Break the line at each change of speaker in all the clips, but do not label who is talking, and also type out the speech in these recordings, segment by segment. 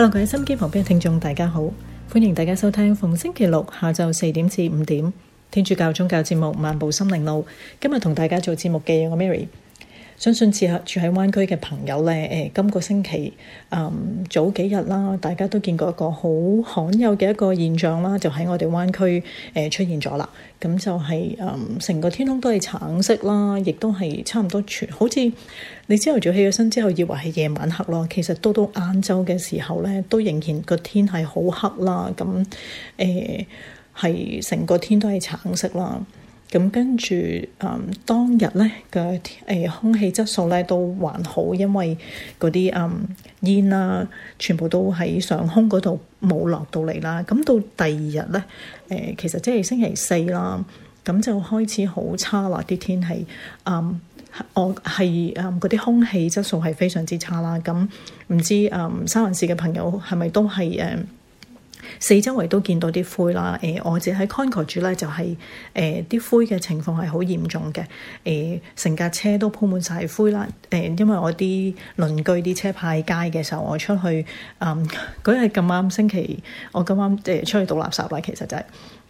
Hello, 各位新機旁邊嘅聽眾，大家好，歡迎大家收聽逢星期六下午四點至五點天主教宗教節目《漫步心靈路》。今日同大家做節目嘅有我 Mary。相信住喺住喺灣區嘅朋友咧，誒、呃、今個星期誒、嗯、早幾日啦，大家都見過一個好罕有嘅一個現象啦，就喺我哋灣區誒出現咗啦。咁就係誒成個天空都係橙色啦，亦都係差唔多全好似你朝頭早起咗身之後，以為係夜晚黑咯，其實到到晏晝嘅時候咧，都仍然個天係好黑啦。咁誒係成個天都係橙色啦。咁跟住，嗯，當日咧嘅誒空氣質素咧都還好，因為嗰啲嗯煙啊，全部都喺上空嗰度冇落到嚟啦。咁到第二日咧，誒、呃、其實即係星期四啦，咁就開始好差啦啲天氣，嗯，我係嗯嗰啲、嗯、空氣質素係非常之差啦。咁、嗯、唔知嗯沙灣市嘅朋友係咪都係誒？嗯四周圍都見到啲灰啦，誒、呃，我自己喺 Concord 住咧就係誒啲灰嘅情況係好嚴重嘅，誒、呃，成架車都鋪滿晒灰啦，誒、呃，因為我啲鄰居啲車派街嘅時候，我出去，嗯，嗰日咁啱星期，我咁啱誒出去倒垃、垃圾啦，其實就係、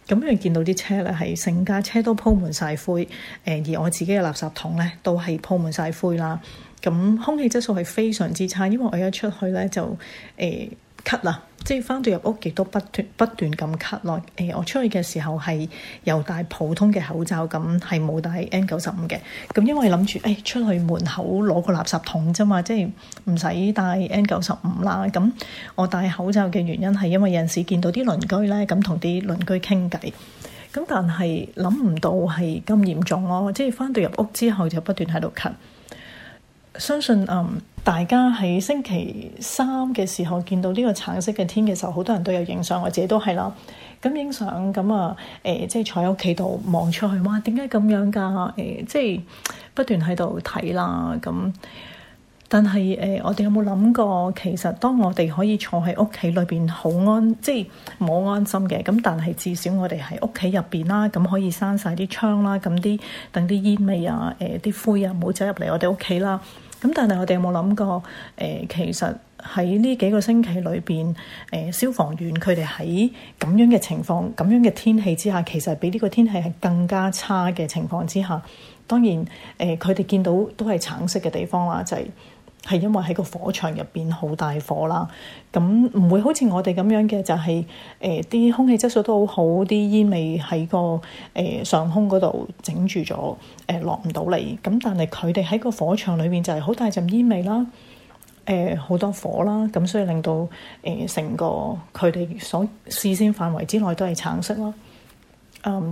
是、咁樣見到啲車咧係成架車都鋪滿晒灰，誒、呃，而我自己嘅垃圾桶咧都係鋪滿晒灰啦，咁、呃、空氣質素係非常之差，因為我一出去咧就誒。呃呃咳啦，即係返到入屋亦都不斷不斷咁咳。內、哎、誒，我出去嘅時候係又戴普通嘅口罩，咁係冇戴 N 九十五嘅。咁因為諗住誒出去門口攞個垃圾桶啫嘛，即係唔使戴 N 九十五啦。咁我戴口罩嘅原因係因為有陣時見到啲鄰居咧，咁同啲鄰居傾偈。咁但係諗唔到係咁嚴重咯。即係返到入屋之後就不斷喺度咳。相信嗯，大家喺星期三嘅時候見到呢個橙色嘅天嘅時候，好多人都有影相，我自己都係啦。咁影相咁啊，誒、嗯呃，即係坐喺屋企度望出去，哇！點解咁樣㗎、啊？誒、嗯，即係不斷喺度睇啦，咁、嗯。但係誒、呃，我哋有冇諗過？其實當我哋可以坐喺屋企裏邊好安，即係冇安心嘅。咁但係至少我哋喺屋企入邊啦，咁可以閂晒啲窗啦，咁啲等啲煙味啊、誒、呃、啲灰啊，唔好走入嚟我哋屋企啦。咁但係我哋有冇諗過？誒、呃，其實喺呢幾個星期裏邊，誒、呃、消防員佢哋喺咁樣嘅情況、咁樣嘅天氣之下，其實比呢個天氣係更加差嘅情況之下。當然誒，佢、呃、哋見到都係橙色嘅地方啦，就係、是。係因為喺個火場入邊好大火啦，咁唔會好似我哋咁樣嘅，就係誒啲空氣質素都好好，啲煙味喺個誒、呃、上空嗰度整住咗，誒落唔到嚟。咁但係佢哋喺個火場裏面就係好大陣煙味啦，誒、呃、好多火啦，咁所以令到誒成、呃、個佢哋所視線範圍之內都係橙色啦，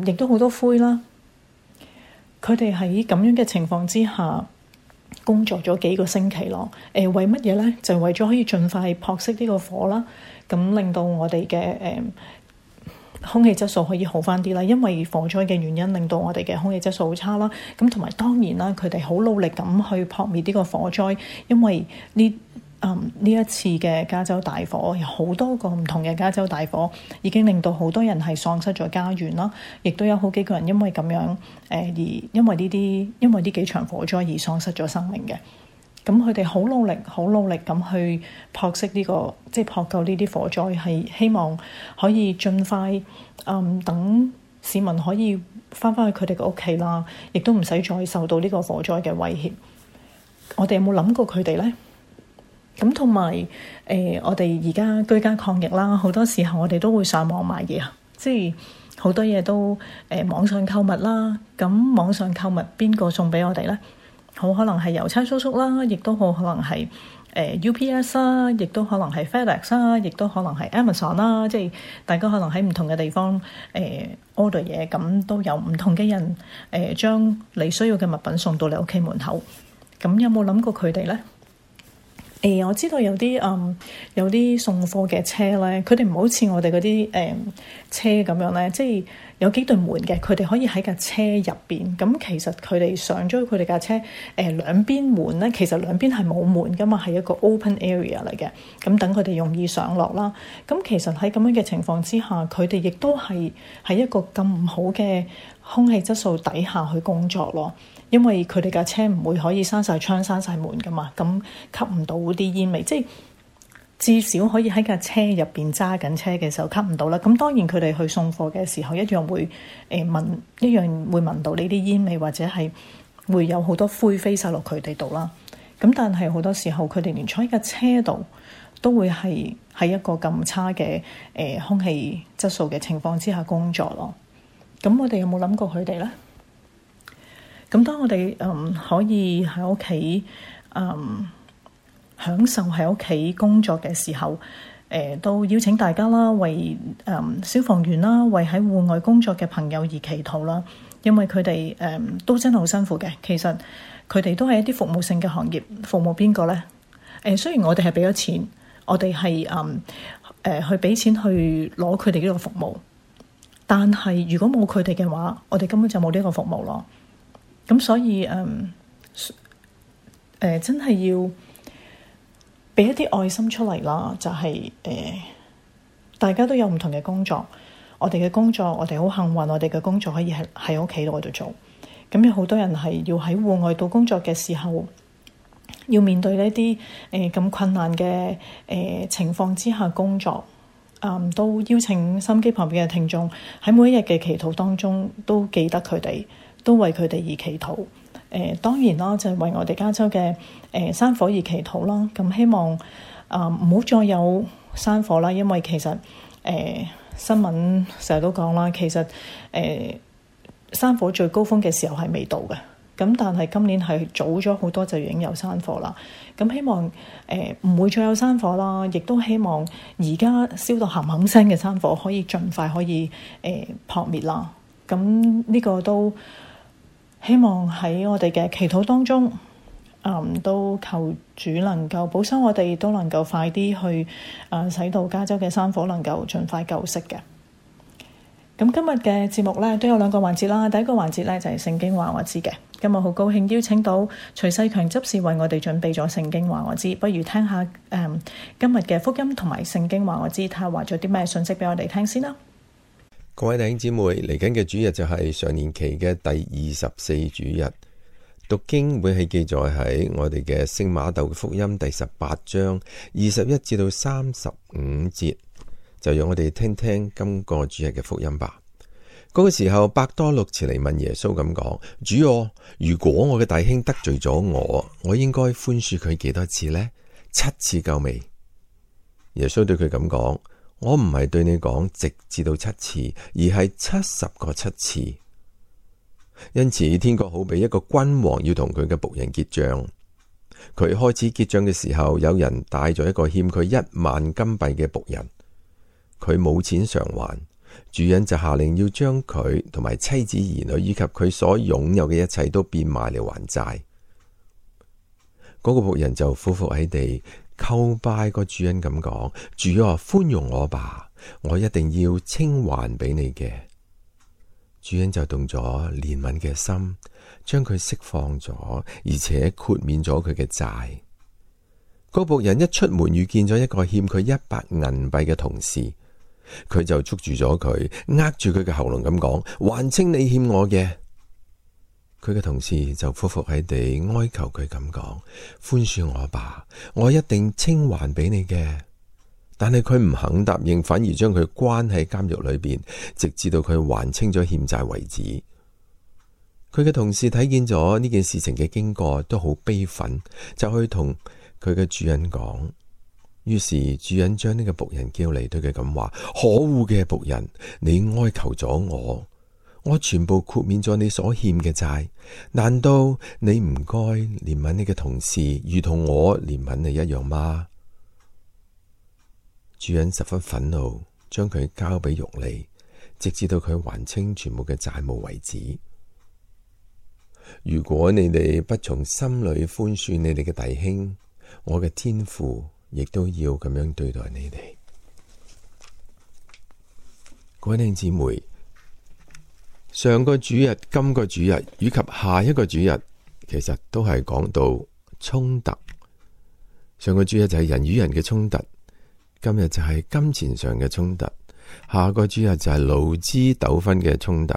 亦都好多灰啦。佢哋喺咁樣嘅情況之下。工作咗幾個星期咯，誒、呃，為乜嘢咧？就係為咗可以盡快撲熄呢個火啦，咁令到我哋嘅誒空氣質素可以好返啲啦。因為火災嘅原因，令到我哋嘅空氣質素好差啦。咁同埋當然啦，佢哋好努力咁去撲滅呢個火災，因為呢。Um, 呢一次嘅加州大火有好多個唔同嘅加州大火，已經令到好多人係喪失咗家園啦。亦都有好幾個人因為咁樣誒、呃、而因為呢啲因為呢幾場火災而喪失咗生命嘅。咁佢哋好努力，好努力咁去撲熄呢個即係撲救呢啲火災，係希望可以盡快嗯等市民可以翻返去佢哋嘅屋企啦，亦都唔使再受到呢個火災嘅威脅。我哋有冇諗過佢哋咧？咁同埋誒，我哋而家居家抗疫啦，好多時候我哋都會上網買嘢啊，即係好多嘢都誒、呃、網上購物啦。咁網上購物邊個送俾我哋咧？好可能係郵差叔叔啦，亦都好可能係誒、呃、UPS 啦，亦都可能係 FedEx 啦，亦都可能係 Amazon 啦。即係大家可能喺唔同嘅地方誒 order 嘢，咁、呃、都有唔同嘅人誒、呃、將你需要嘅物品送到你屋企門口。咁有冇諗過佢哋咧？誒我知道有啲嗯有啲送貨嘅車咧，佢哋唔好似我哋嗰啲誒車咁樣咧，即係有幾對門嘅，佢哋可以喺架車入邊。咁其實佢哋上咗佢哋架車誒兩邊門咧，其實兩邊係冇門㗎嘛，係一個 open area 嚟嘅。咁等佢哋容易上落啦。咁、嗯、其實喺咁樣嘅情況之下，佢哋亦都係喺一個咁唔好嘅空氣質素底下去工作咯。因為佢哋架車唔會可以閂晒窗，閂晒門噶嘛，咁吸唔到啲煙味，即係至少可以喺架車入邊揸緊車嘅時候吸唔到啦。咁當然佢哋去送貨嘅時候一樣會誒、呃、聞，一樣會聞到呢啲煙味或者係會有好多灰飛晒落佢哋度啦。咁但係好多時候佢哋連坐喺架車度都會係喺一個咁差嘅誒、呃、空氣質素嘅情況之下工作咯。咁我哋有冇諗過佢哋咧？咁當我哋嗯可以喺屋企嗯享受喺屋企工作嘅時候，誒、呃、都邀請大家啦，為誒、嗯、消防員啦，為喺戶外工作嘅朋友而祈禱啦，因為佢哋誒都真係好辛苦嘅。其實佢哋都係一啲服務性嘅行業，服務邊個咧？誒、呃、雖然我哋係畀咗錢，我哋係嗯誒去畀錢去攞佢哋呢個服務，但係如果冇佢哋嘅話，我哋根本就冇呢個服務咯。咁、嗯、所以誒誒、嗯、真係要畀一啲愛心出嚟啦，就係、是、誒、嗯、大家都有唔同嘅工作，我哋嘅工作，我哋好幸運，我哋嘅工作可以喺喺屋企度做。咁、嗯、有好多人係要喺戶外度工作嘅時候，要面對呢啲誒咁困難嘅誒、嗯、情況之下工作。嗯，都邀請心機旁邊嘅聽眾喺每一日嘅祈禱當中，都記得佢哋。都為佢哋而祈禱，誒、呃、當然啦，就係、是、為我哋加州嘅誒、呃、山火而祈禱啦。咁、嗯、希望啊，唔、呃、好再有山火啦，因為其實誒、呃、新聞成日都講啦，其實誒、呃、山火最高峰嘅時候係未到嘅，咁、嗯、但係今年係早咗好多，就已經有山火啦。咁、嗯、希望誒唔會再有山火啦，亦都希望而家燒到冚冚聲嘅山火可以盡快可以誒、呃、撲滅啦。咁、嗯、呢、這個都～希望喺我哋嘅祈禱當中，嗯，都求主能夠保佑我哋，都能夠快啲去，使、呃、到加州嘅山火能夠盡快救熄嘅。咁今日嘅節目咧都有兩個環節啦，第一個環節咧就係、是、聖經話我知嘅。今日好高興邀請到徐世強執事為我哋準備咗聖經話我知，不如聽下、嗯、今日嘅福音同埋聖經話我知，他話咗啲咩信息畀我哋聽先啦。
各位弟兄姊妹，嚟緊嘅主日就係上年期嘅第二十四主日，讀經會係記載喺我哋嘅聖馬竇福音第十八章二十一至到三十五節，就讓我哋聽聽今個主日嘅福音吧。嗰、那個時候，伯多祿前嚟問耶穌咁講：主哦，如果我嘅弟兄得罪咗我，我應該寬恕佢幾多次呢？七次夠未？耶穌對佢咁講。我唔係對你講直至到七次，而係七十個七次。因此，天國好比一個君王要同佢嘅僕人結賬。佢開始結賬嘅時候，有人帶咗一個欠佢一萬金幣嘅僕人，佢冇錢償還，主人就下令要將佢同埋妻子兒女以及佢所擁有嘅一切都變賣嚟還債。嗰、那個僕人就伏伏喺地。叩拜個主人咁講，主啊，寬容我吧，我一定要清還俾你嘅。主人就動咗憐憫嘅心，將佢釋放咗，而且豁免咗佢嘅債。個僕人一出門遇見咗一個欠佢一百銀幣嘅同事，佢就捉住咗佢，握住佢嘅喉嚨咁講：還清你欠我嘅。佢嘅同事就苦苦喺地哀求佢咁講，寬恕我吧，我一定清還俾你嘅。但係佢唔肯答應，反而將佢關喺監獄裏邊，直至到佢還清咗欠債為止。佢嘅同事睇見咗呢件事情嘅經過，都好悲憤，就去同佢嘅主人講。於是主人將呢個僕人叫嚟，對佢咁話：可惡嘅僕人，你哀求咗我。我全部豁免咗你所欠嘅債，難道你唔該憐憫你嘅同事，如同我憐憫你一樣嗎？主人十分憤怒，將佢交俾獄吏，直至到佢還清全部嘅債務為止。如果你哋不從心裏寬恕你哋嘅弟兄，我嘅天父亦都要咁樣對待你哋。各位弟兄姊妹。上個主日，今個主日以及下一個主日，其實都係講到衝突。上個主日就係人與人嘅衝突，今日就係金錢上嘅衝突，下個主日就係勞資糾紛嘅衝突。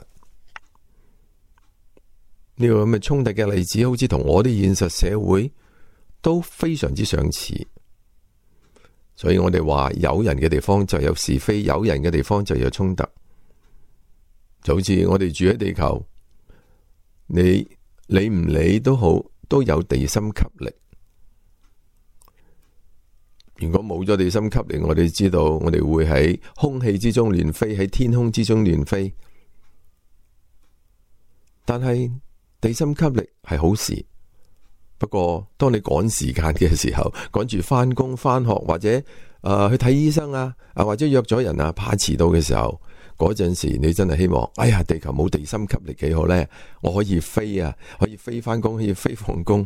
呢個咁嘅衝突嘅例子，好似同我哋現實社會都非常之相似。所以我哋話，有人嘅地方就有是非，有人嘅地方就有衝突。就好似我哋住喺地球，你理唔理都好，都有地心吸力。如果冇咗地心吸力，我哋知道我哋會喺空氣之中亂飛，喺天空之中亂飛。但係地心吸力係好事，不過當你趕時間嘅時候，趕住返工、返學或者誒、呃、去睇醫生啊，啊或者約咗人啊，怕遲到嘅時候。嗰陣時，你真係希望，哎呀，地球冇地心吸力幾好呢？我可以飛啊，可以飛返工，可以飛放工。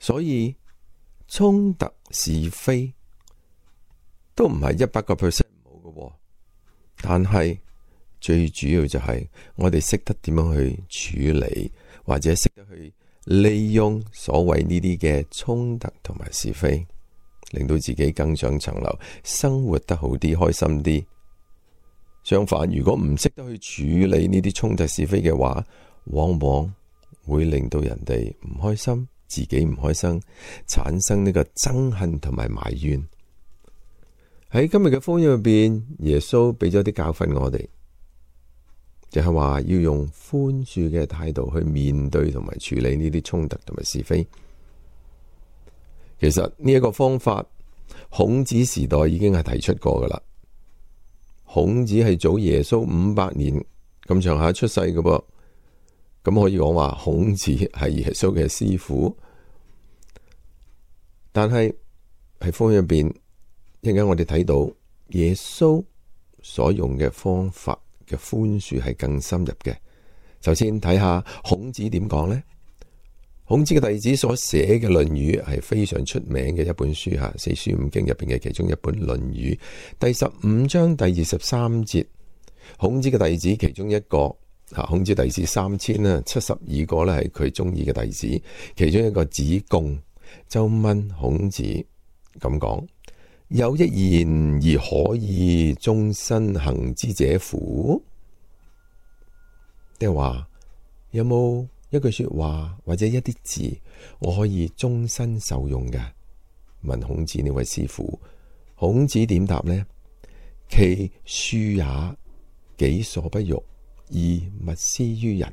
所以衝突是非都唔係一百個 percent 冇㗎，但係最主要就係、是、我哋識得點樣去處理，或者識得去利用所謂呢啲嘅衝突同埋是非，令到自己更上層樓，生活得好啲，開心啲。相反，如果唔識得去處理呢啲衝突是非嘅話，往往會令到人哋唔開心，自己唔開心，產生呢個憎恨同埋埋怨。喺今日嘅福音入邊，耶穌畀咗啲教訓我哋，就係話要用寬恕嘅態度去面對同埋處理呢啲衝突同埋是非。其實呢一個方法，孔子時代已經係提出過噶啦。孔子係早耶穌五百年咁上下出世嘅噃，咁可以講話孔子係耶穌嘅師傅。但係喺福音入邊，一陣間我哋睇到耶穌所用嘅方法嘅寬恕係更深入嘅。首先睇下孔子點講咧。孔子嘅弟子所寫嘅《論語》係非常出名嘅一本書吓，四書五經入邊嘅其中一本《論語》第十五章第二十三節，孔子嘅弟子其中一個吓，孔子弟子三千啊，七十二個咧，係佢中意嘅弟子，其中一個子貢、周問、孔子咁講，有一言而可以終身行之者乎？即係話有冇？一句說話或者一啲字，我可以終身受用嘅。問孔子呢位師傅，孔子點答呢？「其恕也，己所不欲，而勿施於人。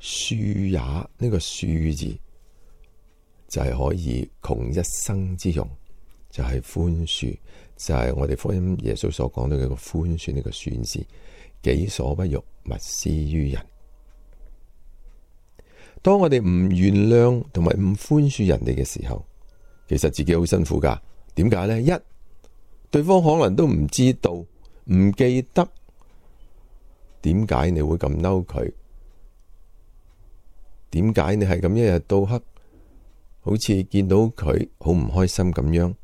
恕也呢、這個恕字，就係、是、可以窮一生之用，就係、是、寬恕，就係、是、我哋福音耶穌所講到嘅個寬恕呢個恕字。己所不欲，勿施於人。當我哋唔原諒同埋唔寬恕人哋嘅時候，其實自己好辛苦㗎。點解呢？一對方可能都唔知道、唔記得點解你會咁嬲佢，點解你係咁一日到黑，好似見到佢好唔開心咁樣。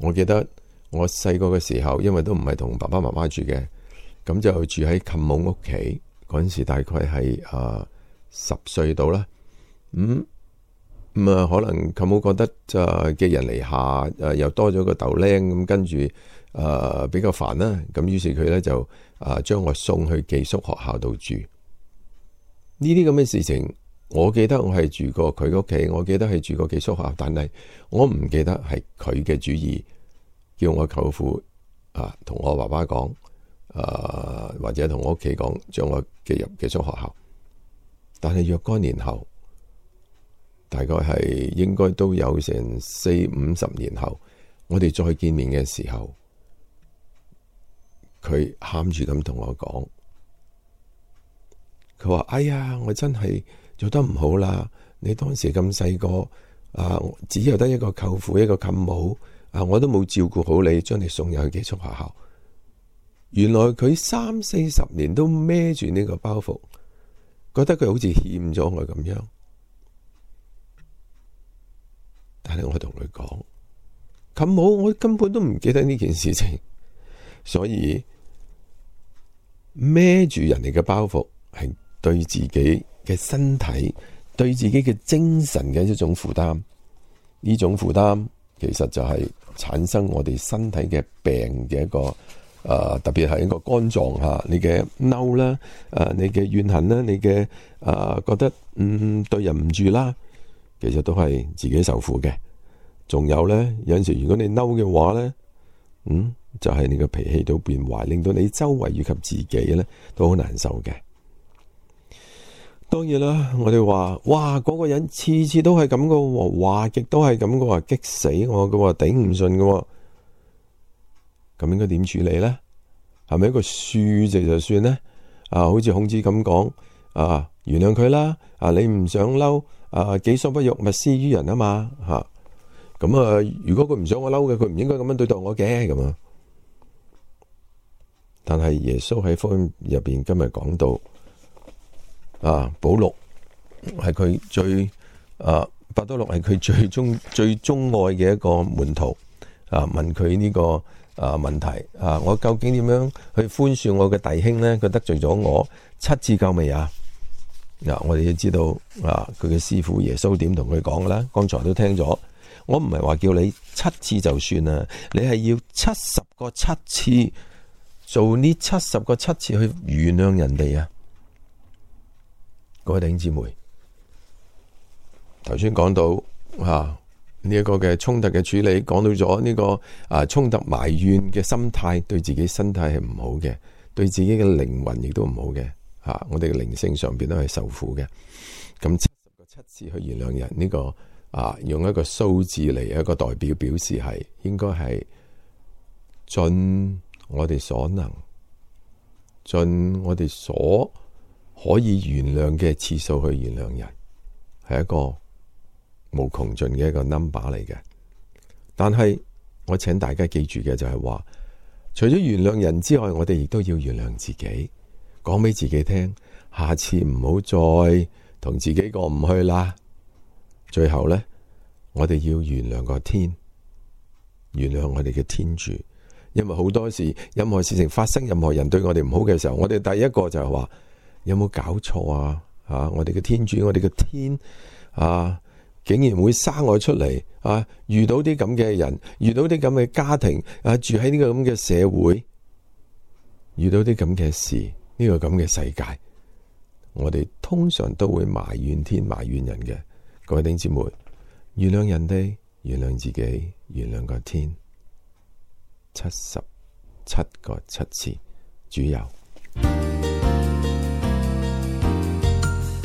我記得我細個嘅時候，因為都唔係同爸爸媽媽住嘅，咁就住喺舅母屋企嗰陣時，大概係啊。呃十歲到啦，咁咁啊，可能舅母覺得就、啊、寄人籬下，誒、啊、又多咗個豆僆，咁跟住誒比較煩啦，咁、啊、於是佢咧就誒將、啊、我送去寄宿學校度住。呢啲咁嘅事情，我記得我係住過佢屋企，我記得係住過寄宿學校，但係我唔記得係佢嘅主意，叫我舅父啊同我爸爸講，誒、啊、或者同我屋企講，將我寄入寄宿學校。但係若干年後，大概係應該都有成四五十年後，我哋再見面嘅時候，佢喊住咁同我講，佢話哎呀，我真係做得唔好啦！你當時咁細個啊，只有得一個舅父一個舅母，啊，我都冇照顧好你，將你送入去寄宿學校。原來佢三四十年都孭住呢個包袱。覺得佢好似欠咗我咁樣，但係我同佢講，咁好，我根本都唔記得呢件事情，所以孭住人哋嘅包袱，係對自己嘅身體、對自己嘅精神嘅一種負擔。呢種負擔其實就係產生我哋身體嘅病嘅一個。誒，特別係一個肝臟吓，你嘅嬲啦，誒，你嘅怨恨啦，你嘅誒、啊，覺得嗯對人唔住啦，其實都係自己受苦嘅。仲有咧，有陣時如果你嬲嘅話咧，嗯，就係、是、你嘅脾氣都變壞，令到你周圍以及自己咧都好難受嘅。當然啦，我哋話，哇，嗰、嗰個人次次都係咁嘅話，話極都係咁嘅話，激死我嘅，頂唔順嘅。咁應該點處理咧？係咪一個恕就就算咧？啊，好似孔子咁講啊，原諒佢啦。啊，你唔想嬲啊，己所不欲，勿施於人嘛啊嘛吓。咁啊，如果佢唔想我嬲嘅，佢唔應該咁樣對待我嘅咁啊。但係耶穌喺福音入邊今日講到啊，保祿係佢最啊，伯多祿係佢最中最鐘愛嘅一個門徒啊，問佢呢、這個。啊！問題啊！我究竟點樣去寬恕我嘅弟兄呢？佢得罪咗我七次夠未啊？嗱、啊，我哋要知道啊，佢嘅師父耶穌點同佢講噶啦？剛才都聽咗，我唔係話叫你七次就算啦，你係要七十個七次做呢七十個七次去原諒人哋啊！各位弟兄姊妹，頭先講到啊。呢一個嘅衝突嘅處理，講到咗呢個啊衝突埋怨嘅心態，對自己身體係唔好嘅，對自己嘅靈魂亦都唔好嘅，啊，我哋嘅靈性上邊都係受苦嘅。咁七十個七次去原諒人，呢個啊用一個數字嚟一個代表表示，係應該係盡我哋所能，盡我哋所可以原諒嘅次數去原諒人，係一個。無窮盡嘅一個 number 嚟嘅，但係我請大家記住嘅就係話，除咗原諒人之外，我哋亦都要原諒自己，講俾自己聽，下次唔好再同自己過唔去啦。最後呢，我哋要原諒個天，原諒我哋嘅天主，因為好多時，任何事情發生，任何人對我哋唔好嘅時候，我哋第一個就係話，有冇搞錯啊？啊，我哋嘅天主，我哋嘅天啊。竟然會生我出嚟啊！遇到啲咁嘅人，遇到啲咁嘅家庭啊，住喺呢個咁嘅社會，遇到啲咁嘅事，呢個咁嘅世界，我哋通常都會埋怨天埋怨人嘅。各位弟兄姊妹，原諒人哋，原諒自己，原諒個天。七十七個七次，主佑。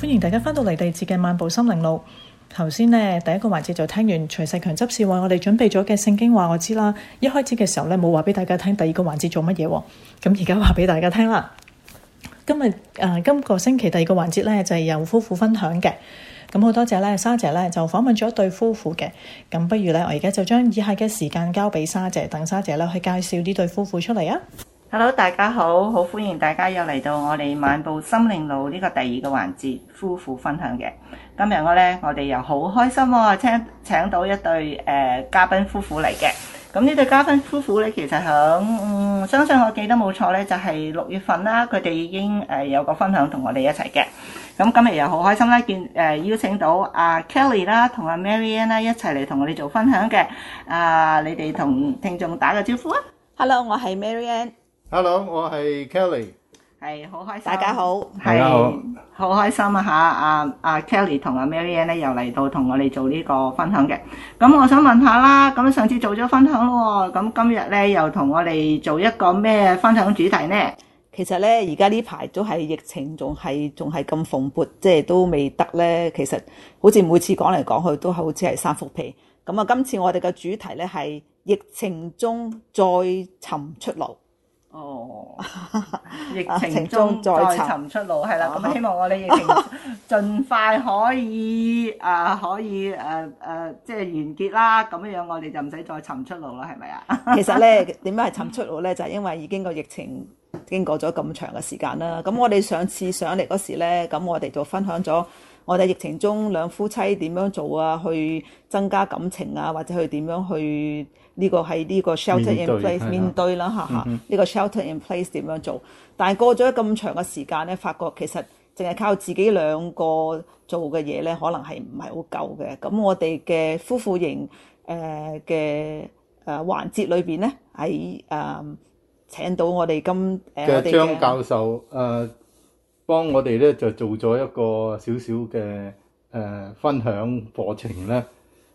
歡迎大家返到嚟地字嘅漫步心靈路。頭先呢，第一個環節就聽完徐世強執事話我哋準備咗嘅聖經話我知啦。一開始嘅時候呢，冇話俾大家聽第二個環節做乜嘢，咁而家話俾大家聽啦。今日誒今個星期第二個環節呢，就係由夫婦分享嘅。咁好多謝咧莎姐呢，就訪問咗對夫婦嘅。咁不如呢，我而家就將以下嘅時間交俾莎姐，等莎姐呢去介紹呢對夫婦出嚟啊。Hello，
大家好，好歡迎大家又嚟到我哋漫步心靈路呢、這個第二個環節夫婦分享嘅。今日我咧，我哋又好開心啊，聽請，請到一對誒、呃、嘉賓夫婦嚟嘅。咁呢對嘉賓夫婦咧，其實響、嗯，相信我記得冇錯咧，就係、是、六月份啦。佢哋已經誒、呃、有個分享同我哋一齊嘅。咁今日又好開心啦、啊，見誒、呃、邀請到阿、啊、Kelly 啦、啊，同阿 Mary Ann 啦一齊嚟同我哋做分享嘅。啊、呃，你哋同聽眾打個招呼啊！Hello，我係 Mary Ann。Hello，
我係 Kelly，係好開心，大家好，
係是好開心啊！吓、啊，阿、啊、阿 Kelly 同阿 Marian 咧，又嚟到同我哋做呢個分享嘅。咁我想問下
啦，咁上次做咗分享咯，咁今日咧又同我哋做一個咩分享主題呢？其實咧，而家呢排都係疫情，仲係仲係咁蓬勃，即係都未得咧。其實好似每次講嚟講去，都好似係三幅皮。咁啊，今次我哋嘅主題咧係疫情中再尋出路。.哦，疫情中再尋
出路，係啦、 啊，咁希望我哋疫情盡快可以 啊，可以誒誒，即、啊、係、啊就係、完結啦，咁樣樣我哋就唔使再尋出路啦，係咪啊？
其實咧，點解係尋出路咧？就係、係、因為已經個疫情經過咗咁長嘅時間啦。咁我哋上次上嚟嗰時咧，咁我哋就分享咗。我哋疫情中兩夫妻點樣做啊？去增加感情啊，或者去點樣去呢、這個喺呢個 shelter in place 面對啦嚇，嚇呢個 shelter in place 點樣做？但係過咗咁長嘅時間咧，發覺其實淨係靠自己兩個做嘅嘢咧，可能係唔係好夠嘅。咁我哋嘅夫婦營誒嘅誒環節裏邊咧，喺、呃、誒、呃呃、請到我哋今
誒張教
授誒。呃幫我哋咧就做咗一個少少嘅誒分享課程咧，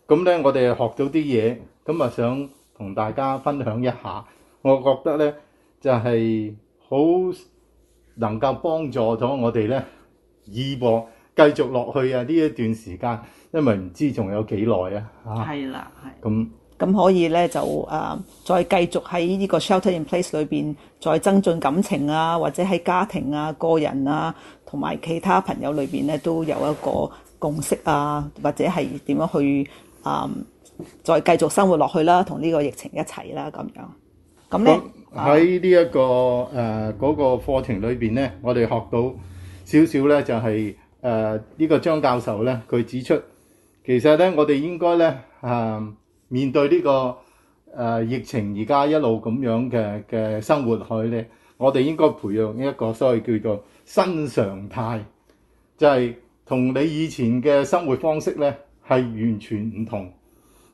咁、嗯、咧我哋學到啲嘢，咁、嗯、啊想同大家分享一下。我覺得咧就係、是、好能夠幫助咗我哋咧，以後繼續落去啊呢一段時間，因為唔知仲有幾耐啊
嚇。
係、啊、啦，係。
咁。嗯。
咁可以咧，就誒再繼續喺呢個 shelter in place 裏邊，再增進感情啊，或者喺家庭啊、個人啊，同埋其他朋友裏邊咧，都有一個共識啊，或者係點樣去誒再繼續生活落去啦，同呢個疫情一齊啦，咁樣
咁咧喺呢一個誒嗰個課程裏邊咧，我哋學到少少咧，就係誒呢個張教授咧，佢指出其實咧，我哋應該咧啊。面對呢、這個誒、呃、疫情而家一路咁樣嘅嘅生活去咧，我哋應該培養一個所謂叫做新常態，就係、是、同你以前嘅生活方式咧係完全唔同，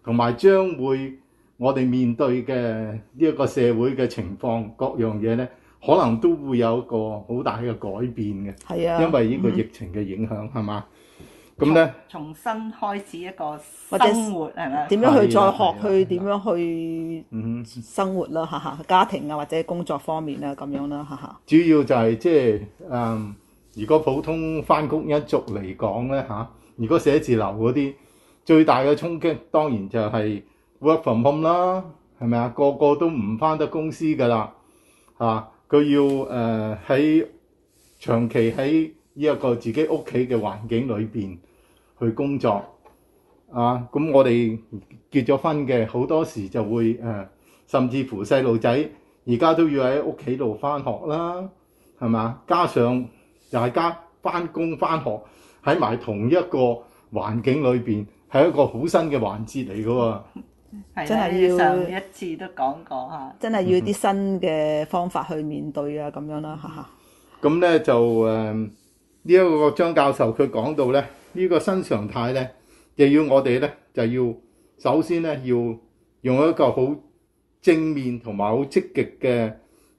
同埋將會我哋面對嘅呢一個社會嘅情況，各樣嘢咧可能都會有一個好大嘅改變嘅。係啊，因為呢個疫情嘅影響係嘛？嗯咁咧，
重新開始一個生活係嘛？點樣去再學
去點樣去生活啦？嚇嚇，家庭啊或者工作方面啦咁樣啦？嚇嚇，
主要就係即係誒，如果普通返工一族嚟講咧嚇，如果寫字樓嗰啲最大嘅衝擊，當然就係 work from home 啦，係咪啊？個個都唔返得公司㗎啦，係、啊、佢要誒喺、呃、長期喺。呢一個自己屋企嘅環境裏邊去工作啊！咁我哋結咗婚嘅好多時就會誒、呃，甚至乎細路仔而家都要喺屋企度返學啦，係嘛？加上又係、就是、加返工返學喺埋同一個環境裏邊，係一個好新嘅環節嚟㗎喎。真係要
上一次都講過啊， 真係要啲
新嘅方法去面對啊，咁樣啦哈哈。
咁咧、嗯嗯嗯、 就誒。呃呢一個張教授佢講到咧，呢個新常態咧，又要我哋咧就要首先咧，要用一個好正面同埋好積極嘅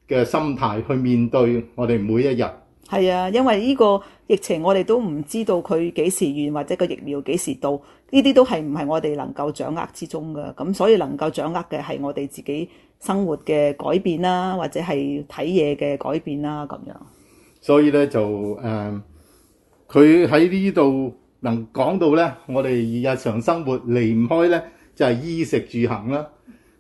嘅心態去面對我哋每一日。
係啊，因為呢個疫情我哋都唔知道佢幾時完，或者個疫苗幾時到，呢啲都係唔係我哋能夠掌握之中㗎。咁所以能夠掌握嘅係我哋自己生活嘅改變啦，或者係睇嘢嘅改變啦，咁樣。
所以咧就誒。佢喺呢度能講到咧，我哋日常生活離唔開咧，就係、是、衣食住行啦。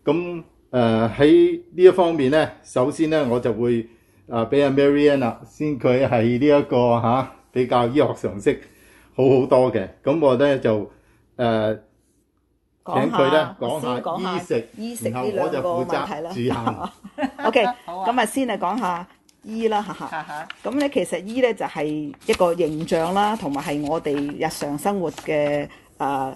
咁誒喺呢一方面咧，首先咧我就會誒俾阿 Marianne 啦，先佢係呢一個嚇比較醫學常識好好多嘅。咁我咧就誒、呃、請佢咧講下衣食，醫食然後我就負責住行。
OK，咁 啊先嚟講下。衣啦，哈哈、嗯，咁咧、啊、其實衣咧就係、是、一個形象啦，同埋係我哋日常生活嘅誒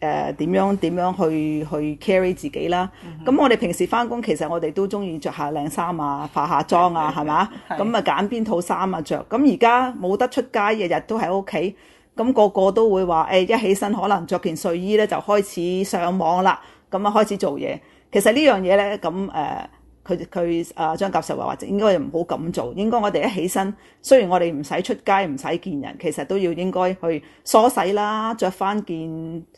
誒點樣點、嗯、樣去去 carry 自己啦。咁、嗯哼嗯、我哋平時返工，其實我哋都中意着下靚衫啊，化下妝啊，係嘛？咁啊，揀邊套衫啊着。咁而家冇得出街，日日都喺屋企，咁個個都會話誒、哎，一起身可能着件睡衣咧就開始上網啦，咁啊開始做嘢。其實呢樣嘢咧咁誒。呃呃呃佢佢啊，張教授話話，應該唔好咁做，應該我哋一起身，雖然我哋唔使出街，唔使見人，其實都要應該去梳洗啦，着翻件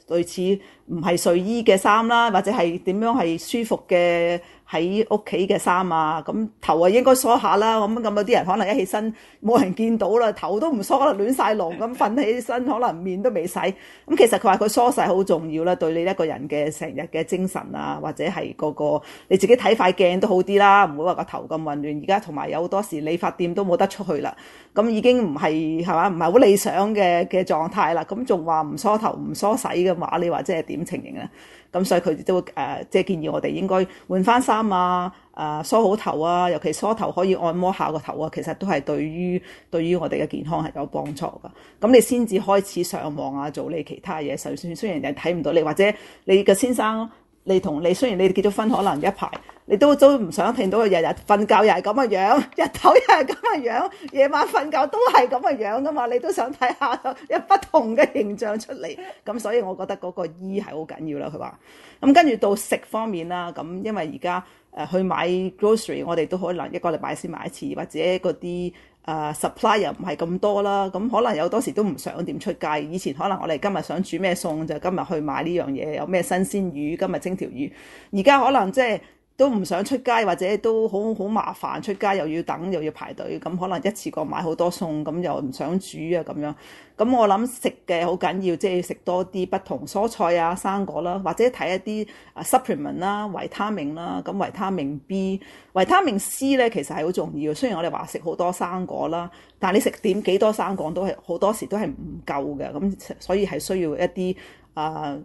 類似唔係睡衣嘅衫啦，或者係點樣係舒服嘅。喺屋企嘅衫啊，咁頭啊應該梳下啦。咁咁有啲人可能一起身，冇人見到啦，頭都唔梳啦，亂晒龍咁，瞓起身可能面都未洗。咁其實佢話佢梳洗好重要啦，對你一個人嘅成日嘅精神啊，或者係個個你自己睇塊鏡都好啲啦，唔會話個頭咁混亂。而家同埋有好多時理髮店都冇得出去啦，咁已經唔係係嘛，唔係好理想嘅嘅狀態啦。咁仲話唔梳頭唔梳洗嘅話，你話即係點情形咧？咁、嗯、所以佢哋都誒、呃，即係建議我哋應該換翻衫啊，誒、呃、梳好頭啊，尤其梳頭可以按摩下個頭啊，其實都係對於對於我哋嘅健康係有幫助㗎。咁你先至開始上網啊，做你其他嘢，就算雖然人睇唔到你，或者你嘅先生你同你，雖然你結咗婚，可能一排。你都都唔想聽到日日瞓覺又係咁嘅樣，日頭又係咁嘅樣，夜晚瞓覺都係咁嘅樣噶嘛？你都想睇下有不同嘅形象出嚟，咁所以我覺得嗰個衣係好緊要啦。佢話咁跟住到食方面啦，咁因為而家誒去買 grocery，我哋都可能一個禮拜先買一次，或者嗰啲誒 supply 又唔係咁多啦。咁可能有多時都唔想點出街。以前可能我哋今日想煮咩餸就今日去買呢樣嘢，有咩新鮮魚，今日蒸條魚。而家可能即係。都唔想出街，或者都好好麻煩出街，又要等又要排隊，咁、嗯、可能一次過買好多餸，咁又唔想煮啊咁樣。咁、嗯、我諗食嘅好緊要，即係食多啲不同蔬菜啊、生果啦，或者睇一啲 supplement、呃、啦、維他命啦。咁維他命 B、維他命 C 咧，其實係好重要。雖然我哋話食好多生果啦，但係你食點幾多生果都係好多時都係唔夠嘅。咁、嗯、所以係需要一啲啊、呃，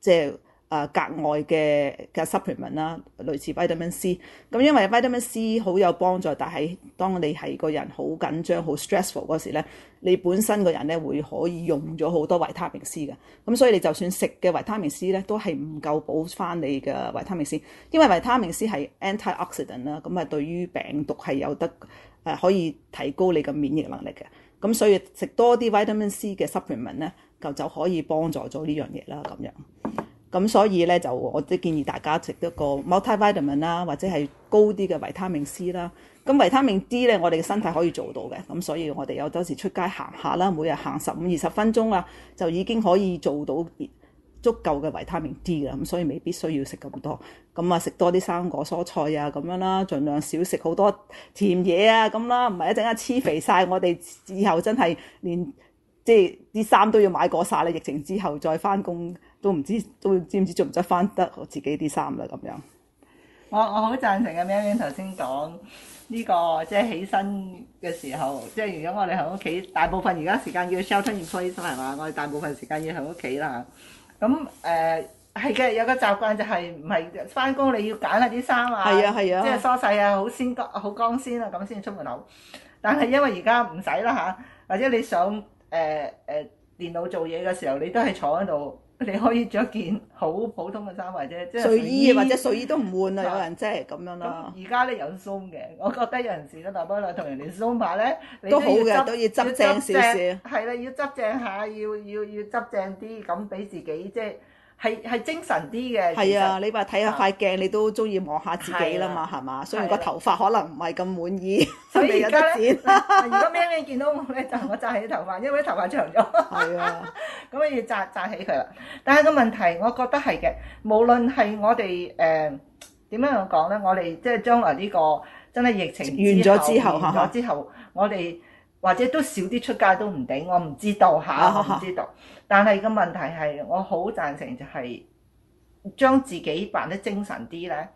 即係。啊，uh, 格外嘅嘅 supplement 啦，類似 Vitamin C。咁因為 Vitamin C 好有幫助，但係當你係個人好緊張、好 stressful 嗰時咧，你本身個人咧會可以用咗好多維他命 C 嘅。咁所以你就算食嘅維他命 C 咧，都係唔夠補翻你嘅維他命 C。因為維他命 C 係 antioxidant 啦，咁啊對於病毒係有得誒、呃、可以提高你嘅免疫能力嘅。咁所以食多啲 Vitamin C 嘅 supplement 咧，就就可以幫助咗呢樣嘢啦。咁樣。咁所以咧就我都建議大家食一個 multi vitamin 啦，或者係高啲嘅維他命 C 啦。咁維他命 D 咧，我哋嘅身體可以做到嘅。咁所以我哋有好多時出街行下啦，每日行十五二十分鐘啊，就已經可以做到足夠嘅維他命 D 啦。咁所以未必需要食咁多。咁啊，食多啲生果蔬菜啊，咁樣啦，盡量少食好多甜嘢啊，咁啦，唔係一陣間黐肥晒。 我哋以後真係連即係啲衫都要買過晒啦。疫情之後再返工。都唔知都知唔知，做唔得翻得我自己啲衫啦咁樣。
我我好贊成嘅 m i n m i n 頭先講呢個，即係起身嘅時候，即係如果我哋喺屋企，大部分而家時間要 show 出面係嘛，我哋大部分時間要喺屋企啦。咁誒係嘅，有個習慣就係唔係翻工你要揀下啲衫啊，即係梳曬啊，好先幹好光先啊，咁先出門口。但係因為而家唔使啦嚇，或者你想誒誒電腦做嘢嘅時候，你都係坐喺度。你可以著件好普通嘅衫或者，即睡衣，睡衣或者睡衣都唔
換啊！對有人即係咁樣咯。而家咧有鬆嘅，我覺得有陣時
咧，大波女同人哋鬆下咧，都好嘅，都要執正少少。係啦，要執正下，要要要執正啲，咁俾自己即係。係係精神啲嘅，係啊！你
話睇下塊鏡，你都中意望下自己啦嘛，係嘛？雖然個頭髮可能唔係咁滿意，所以而家
咧，如果咩咩見到我咧，就我紮起頭髮，因為啲頭髮長咗。係啊，咁要紮紮起佢啦。但係個問題，我覺得係嘅，無論係我哋誒點樣講咧，我哋即係將來呢個真係疫情完咗之後，完咗之後，我哋或者都少啲出街都唔定，我唔知道，我唔知道。但係個問題係，我好贊成就係將自己扮得精神啲咧，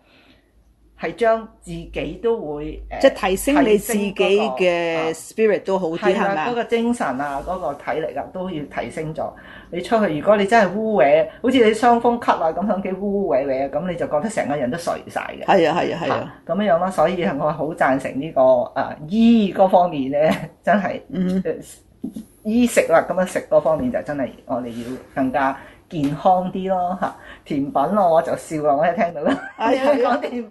係將自己
都會誒，呃、即係提升你自己嘅 spirit 都好啲，係嗰、啊、吧個
精神啊，嗰、那個體力啊，都要提升咗。你出去，如果你真係污穢，好似你傷風咳啊咁樣，幾污穢嘅咁，你就覺得成個人都垂晒嘅。係啊，係啊，係啊，咁、啊、樣樣咯。所以我好贊成呢、這個啊醫嗰方面咧，真係。 衣食啦，咁啊食嗰方面就真係我哋要更加健康啲咯嚇。甜品咯我就笑啦，我一聽到咧，哎呀講甜品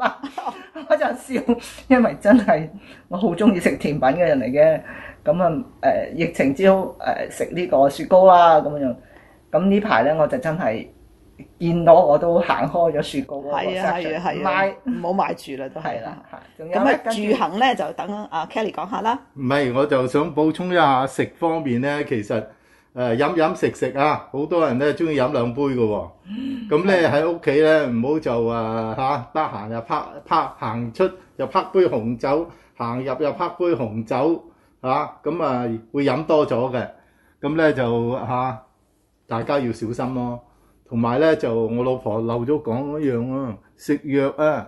我就笑， 因為真係我好中意食甜品嘅人嚟嘅。咁啊誒，疫情之後誒食呢個雪糕啦咁樣，咁呢排咧我就真係。見到我都行開咗雪
糕嗰個喎，係啊，係啊，係啊，賣
唔好買住啦，都係啦。咁啊，住行咧就等阿 Kelly 講下啦。
唔係，我就想補充一下食方面咧，其實誒飲飲食食啊，好多人咧中意飲兩杯嘅喎。咁咧喺屋企咧，唔好就啊嚇得閒又拍拍行出又拍杯紅酒，行入又拍杯紅酒嚇，咁啊會飲多咗嘅。咁咧就嚇大家要小心咯。同埋咧就我老婆漏咗講嗰樣咯，食藥 rium、uh, 啊，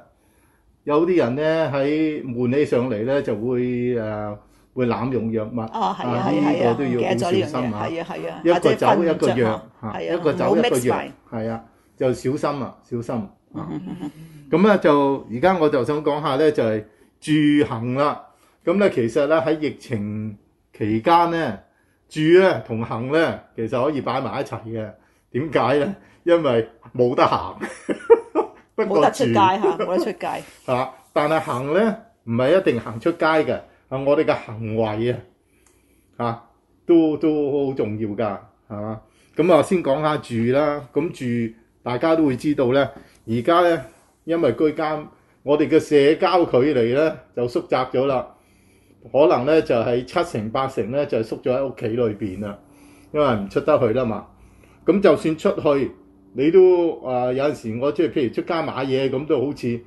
有啲人咧喺悶起上嚟咧就會誒會濫用藥物，啊呢個都要好小心啊。一個酒一個藥，一個酒一個藥，係啊哈，就小心啊，小心啊。咁咧就而家我就想講下咧就係住行啦。咁、嗯、咧其實咧喺疫情期間咧住咧同行咧其實可以擺埋一齊嘅。點解咧？因為冇得行，冇 住得出街吓，冇得出街吓。但係行咧，唔係一定行出街嘅。啊，我哋嘅行為啊，吓都都好重要噶，係嘛？咁啊，先講下住啦。咁住，大家都會知道咧。而家咧，因為居家，我哋嘅社交距離咧就縮窄咗啦。可能咧就係、是、七成八成咧就縮咗喺屋企裏邊啦，因為唔出得去啦嘛。咁就算出去，你都啊有陣時我，我即係譬如出街買嘢咁，都好似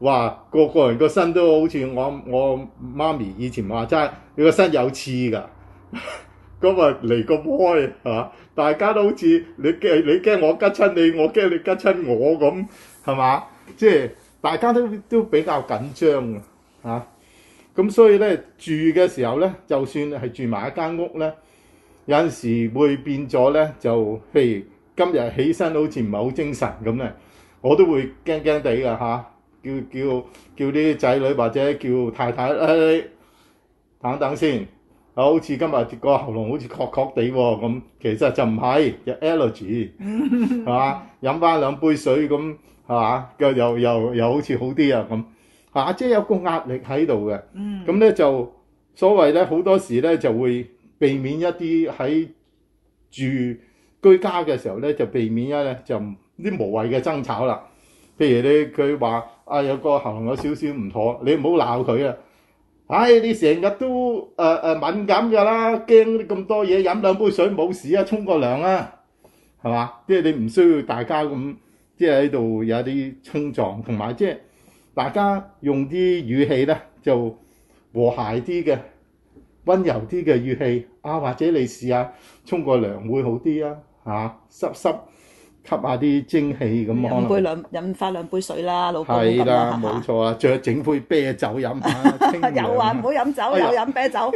話個個人個身都好似我我媽咪以前話齋，你個身有刺㗎，咁 啊離個開係嘛？大家都好似你驚你驚我吉親你，我驚你吉親我咁係嘛？即係、就是、大家都都比較緊張啊！咁所以咧住嘅時候咧，就算係住埋一間屋咧。有陣時會變咗咧，就譬如今日起身好似唔係好精神咁咧，我都會驚驚地㗎吓，叫叫叫啲仔女或者叫太太，哎、等等先。啊、好似今日個喉嚨好似確確哋、哦，其實就唔係，就 allergy 係嘛，飲翻兩杯水咁係嘛，又又又又好似好啲啊咁。即係有個壓力喺度嘅，咁咧、嗯、就所謂咧好多時咧就會。避免一啲喺住居家嘅時候咧，就避免一咧就啲無謂嘅爭吵啦。譬如你佢話啊，有個行為有少少唔妥，你唔好鬧佢啊。唉，就是、你成日都誒誒敏感㗎啦，驚咁多嘢，飲兩杯水冇事啊，沖個涼啊，係嘛？即係你唔需要大家咁即係喺度有啲衝撞，同埋即係大家用啲語氣咧就和諧啲嘅。溫柔啲嘅語氣啊，或者你試下沖個涼會好啲啊！嚇，濕濕吸下啲蒸氣咁咯。飲杯兩
飲翻兩杯水啦，老公。係啦，
冇錯啊，再整杯啤酒飲
嚇。有啊，唔好飲酒，又飲啤酒。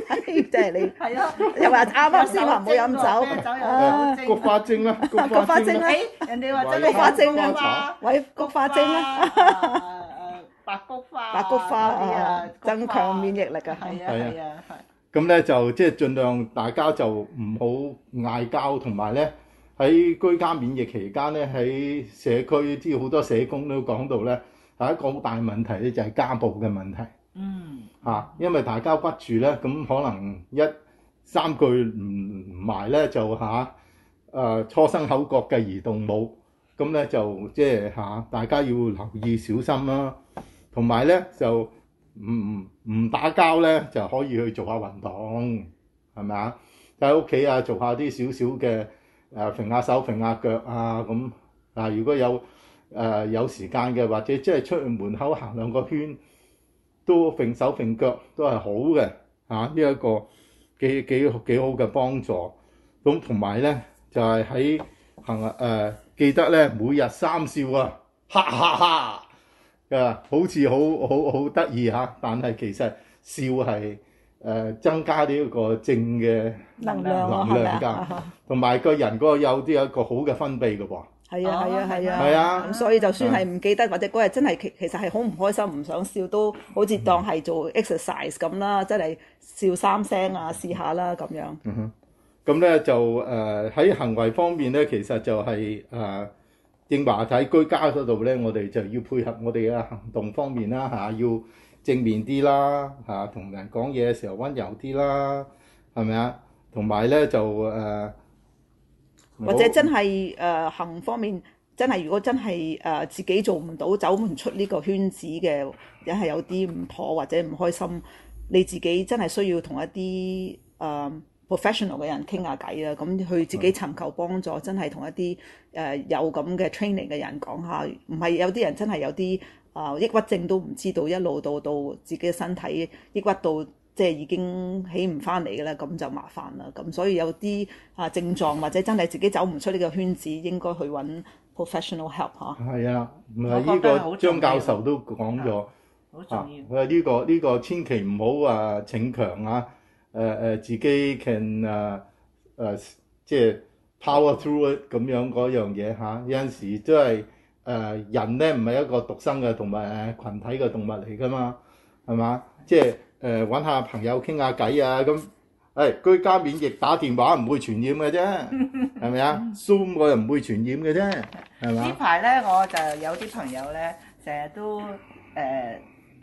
即係你係啊，又話啱啱先話唔好飲酒。菊花精啦，菊花精啦。人哋
話菊花精啊，
喂菊花精啦，白菊花，白菊花啊，增強免疫力㗎。係啊
係啊。咁咧就即係、就是、盡量大家就唔好嗌交，同埋咧喺居家免疫期間咧，喺社區，啲好多社工都講到咧係一個好大問題咧，就係家暴嘅問題。嗯。嚇、啊，因為大家屈住咧，咁可能一三句唔埋咧就嚇，誒、啊啊、初生口角嘅移動舞。咁咧就即係嚇大家要留意小心啦、啊，同埋咧就。唔唔唔打交咧，就可以去做下運動，係咪啊？喺屋企啊，做下啲少少嘅誒，揈、呃、下手揈下腳啊咁啊，啊！如果有誒、呃、有時間嘅，或者即係出去門口行兩個圈，都揈手揈腳都係好嘅嚇。呢、啊、一、這個幾幾幾好嘅幫助。咁同埋咧就係、是、喺行誒、呃，記得咧每日三笑啊，哈哈哈！好似好好好得意吓，但係其實笑係誒、呃、增加呢個正嘅能量、啊，能量㗎、啊，同埋個人嗰個有啲有一個好嘅分泌嘅喎。
係啊，係啊，係啊，係啊。咁、啊啊、所以就算係唔記得、啊、或者嗰日真係其其實係好唔開心唔、啊、想笑，都好似當係做 exercise 咁啦，即係、啊、笑三聲啊，試下啦、啊、咁樣。
嗯哼，咁咧就誒喺、呃、行為方面咧，其實就係、是、誒。啊啊正話喺居家嗰度咧，我哋就要配合我哋嘅行動方面啦嚇、啊，要正面啲啦嚇，同、啊、人講嘢嘅時候温柔啲啦，係咪啊？同埋咧就誒，或者真
係誒行方面真係，如果真係誒自己做唔到，走唔出呢個圈子嘅，一係有啲唔妥或者唔開心，你自己真係需要同一啲誒、啊 professional 嘅人傾下偈啦，咁去自己尋求幫助，嗯、真係同一啲誒有咁嘅 training 嘅人講下。唔係有啲人真係有啲啊、呃、抑鬱症都唔知道，一路到到自己嘅身體抑鬱到，即係已經起唔返嚟嘅啦，咁就麻煩啦。咁所以有啲啊症狀或者真係自己走唔出呢個圈子，應該去揾 professional help 吓。
係啊，唔係呢個張教授都講咗，好、嗯、重要。呢、啊呢個呢、呢個呢個千祈唔好啊逞強啊。誒誒、呃，自己 can 啊、呃、誒、呃，即係 power through 咁樣嗰樣嘢嚇、啊。有陣時都係誒、呃、人咧，唔係一個獨生嘅動物，誒、啊、羣體嘅動物嚟噶嘛，係嘛？即係誒搵下朋友傾下偈啊，咁誒、哎、居家免疫打電話唔會傳染嘅啫，係咪啊？Zoom 我又唔會傳染嘅啫，係嘛？呢
排咧我就有啲朋友咧成日都誒。呃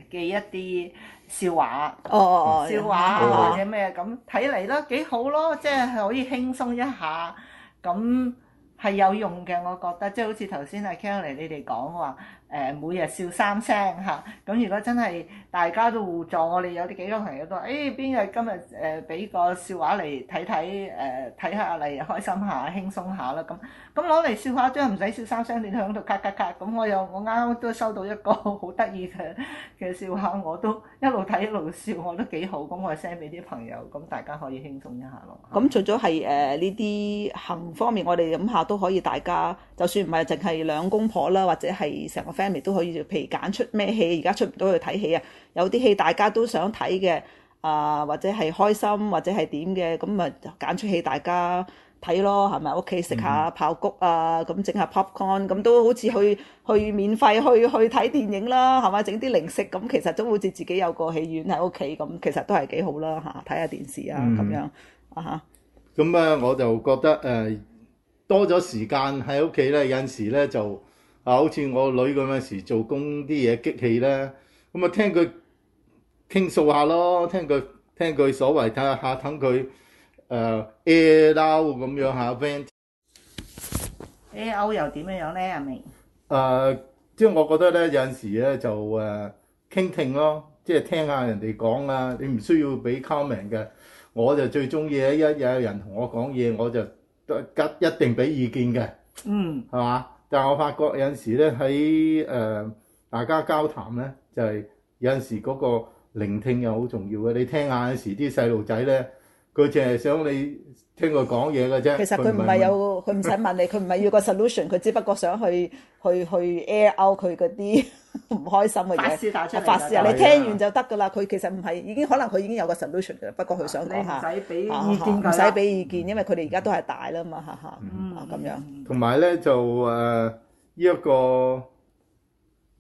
嘅一啲笑話，哦，笑話或者咩咁睇嚟咧幾好咯，即係可以輕鬆一下，咁係有用嘅，我覺得，即係好似頭先阿 Kelly 你哋講話。誒每日笑三聲嚇，咁如果真係大家都互助，我哋有啲幾多朋友都話，誒邊日今日誒俾個笑話嚟睇睇，誒睇下嚟開心下輕鬆下啦咁。咁攞嚟笑下啫，唔使笑三聲，你都喺度咔咔咔。咁我又，我啱啱都收到一個好得意嘅嘅笑話，我都一路睇一路笑，我都幾好咁，我 send 俾啲朋友，咁大家可以輕鬆一下咯。
咁、嗯、除咗係誒呢啲行方面，我哋諗下都可以，大家就算唔係淨係兩公婆啦，或者係成個。family 都可以，譬如揀出咩戲，而家出唔到去睇戲啊，有啲戲大家都想睇嘅，啊、呃、或者係開心或者係點嘅，咁啊揀出戲大家睇咯，係咪？屋企食下爆谷啊，咁整、嗯、下 popcorn，咁都好似去去免費去去睇電影啦，係咪整啲零食，咁其實都好似自己有個戲院喺屋企咁，其實都係幾好啦嚇，睇下電視啊咁、嗯、樣啊
嚇。咁啊，我就覺得誒、呃、多咗時間喺屋企咧，有陣時咧就。好似我女咁樣時做工啲嘢激氣啦，咁啊聽佢傾訴下咯，聽佢聽佢所謂睇下，等佢誒 A 歐咁樣下 friend
A 歐又點樣樣咧？係、啊、咪？誒、
啊呃，即係我覺得咧，有陣時咧就誒、啊、傾聽咯，即係聽下人哋講啊。你唔需要俾 comment 嘅，我就最中意咧。一有人同我講嘢，我就吉一定俾意見嘅。嗯，係嘛？但我發覺有陣時咧，喺、呃、大家交談呢，就係、是、有陣時嗰個聆聽又好重要嘅。你聽下有陣時啲細路仔呢。佢淨係想你聽佢講嘢嘅啫。其實佢唔係有，佢
唔使問你，佢唔係要個 solution，佢只不過想去去去 air out 佢嗰啲唔開心嘅嘢。發泄，你聽完就得噶啦。佢其實唔係，已經可能佢已經有個 solution 嘅，不過佢想講下。你唔使俾意見，唔使俾意見，因為佢哋而家都係大啦嘛，嚇嚇咁樣。
同埋咧就誒，呢一個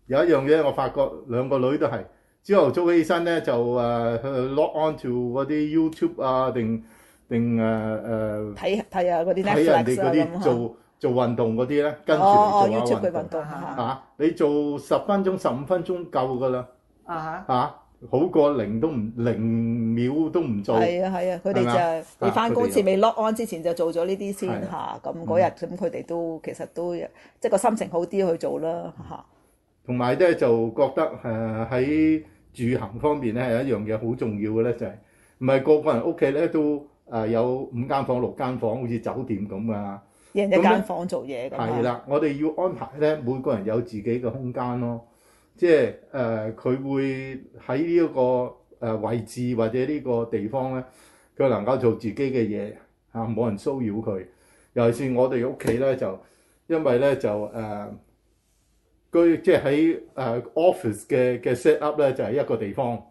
有一樣嘢，我發覺兩個女都係。朝頭早起身咧，就誒去 lock on to 嗰啲 YouTube 啊，定定誒誒睇
睇啊嗰啲 Netflix 咁啊，睇人
哋嗰啲做做運動嗰啲咧，跟住嚟做 YouTube 運動嚇。嚇你做十分鐘、十五分鐘夠㗎啦。啊嚇嚇好過零都唔零秒都唔做。係啊係啊，佢哋就未翻工前未
lock on 之前就做咗呢啲先嚇。咁嗰日咁佢哋都其實都即係個心情好啲去做啦嚇。
同埋咧就覺得誒喺。住行方面咧有一樣嘢好重要嘅咧，就係唔係個個人屋企咧都誒有五間房六間房，好似酒店咁噶，
用一間房做嘢咁，係啦，
我哋要安排咧，每個人有自己嘅空間咯。嗯、即係誒，佢、呃、會喺呢一個誒位置或者呢個地方咧，佢能夠做自己嘅嘢嚇，冇、啊、人騷擾佢。尤其是我哋屋企咧，就因為咧就誒。呃佢即係喺誒 office 嘅嘅 set up 咧，就係一個地方。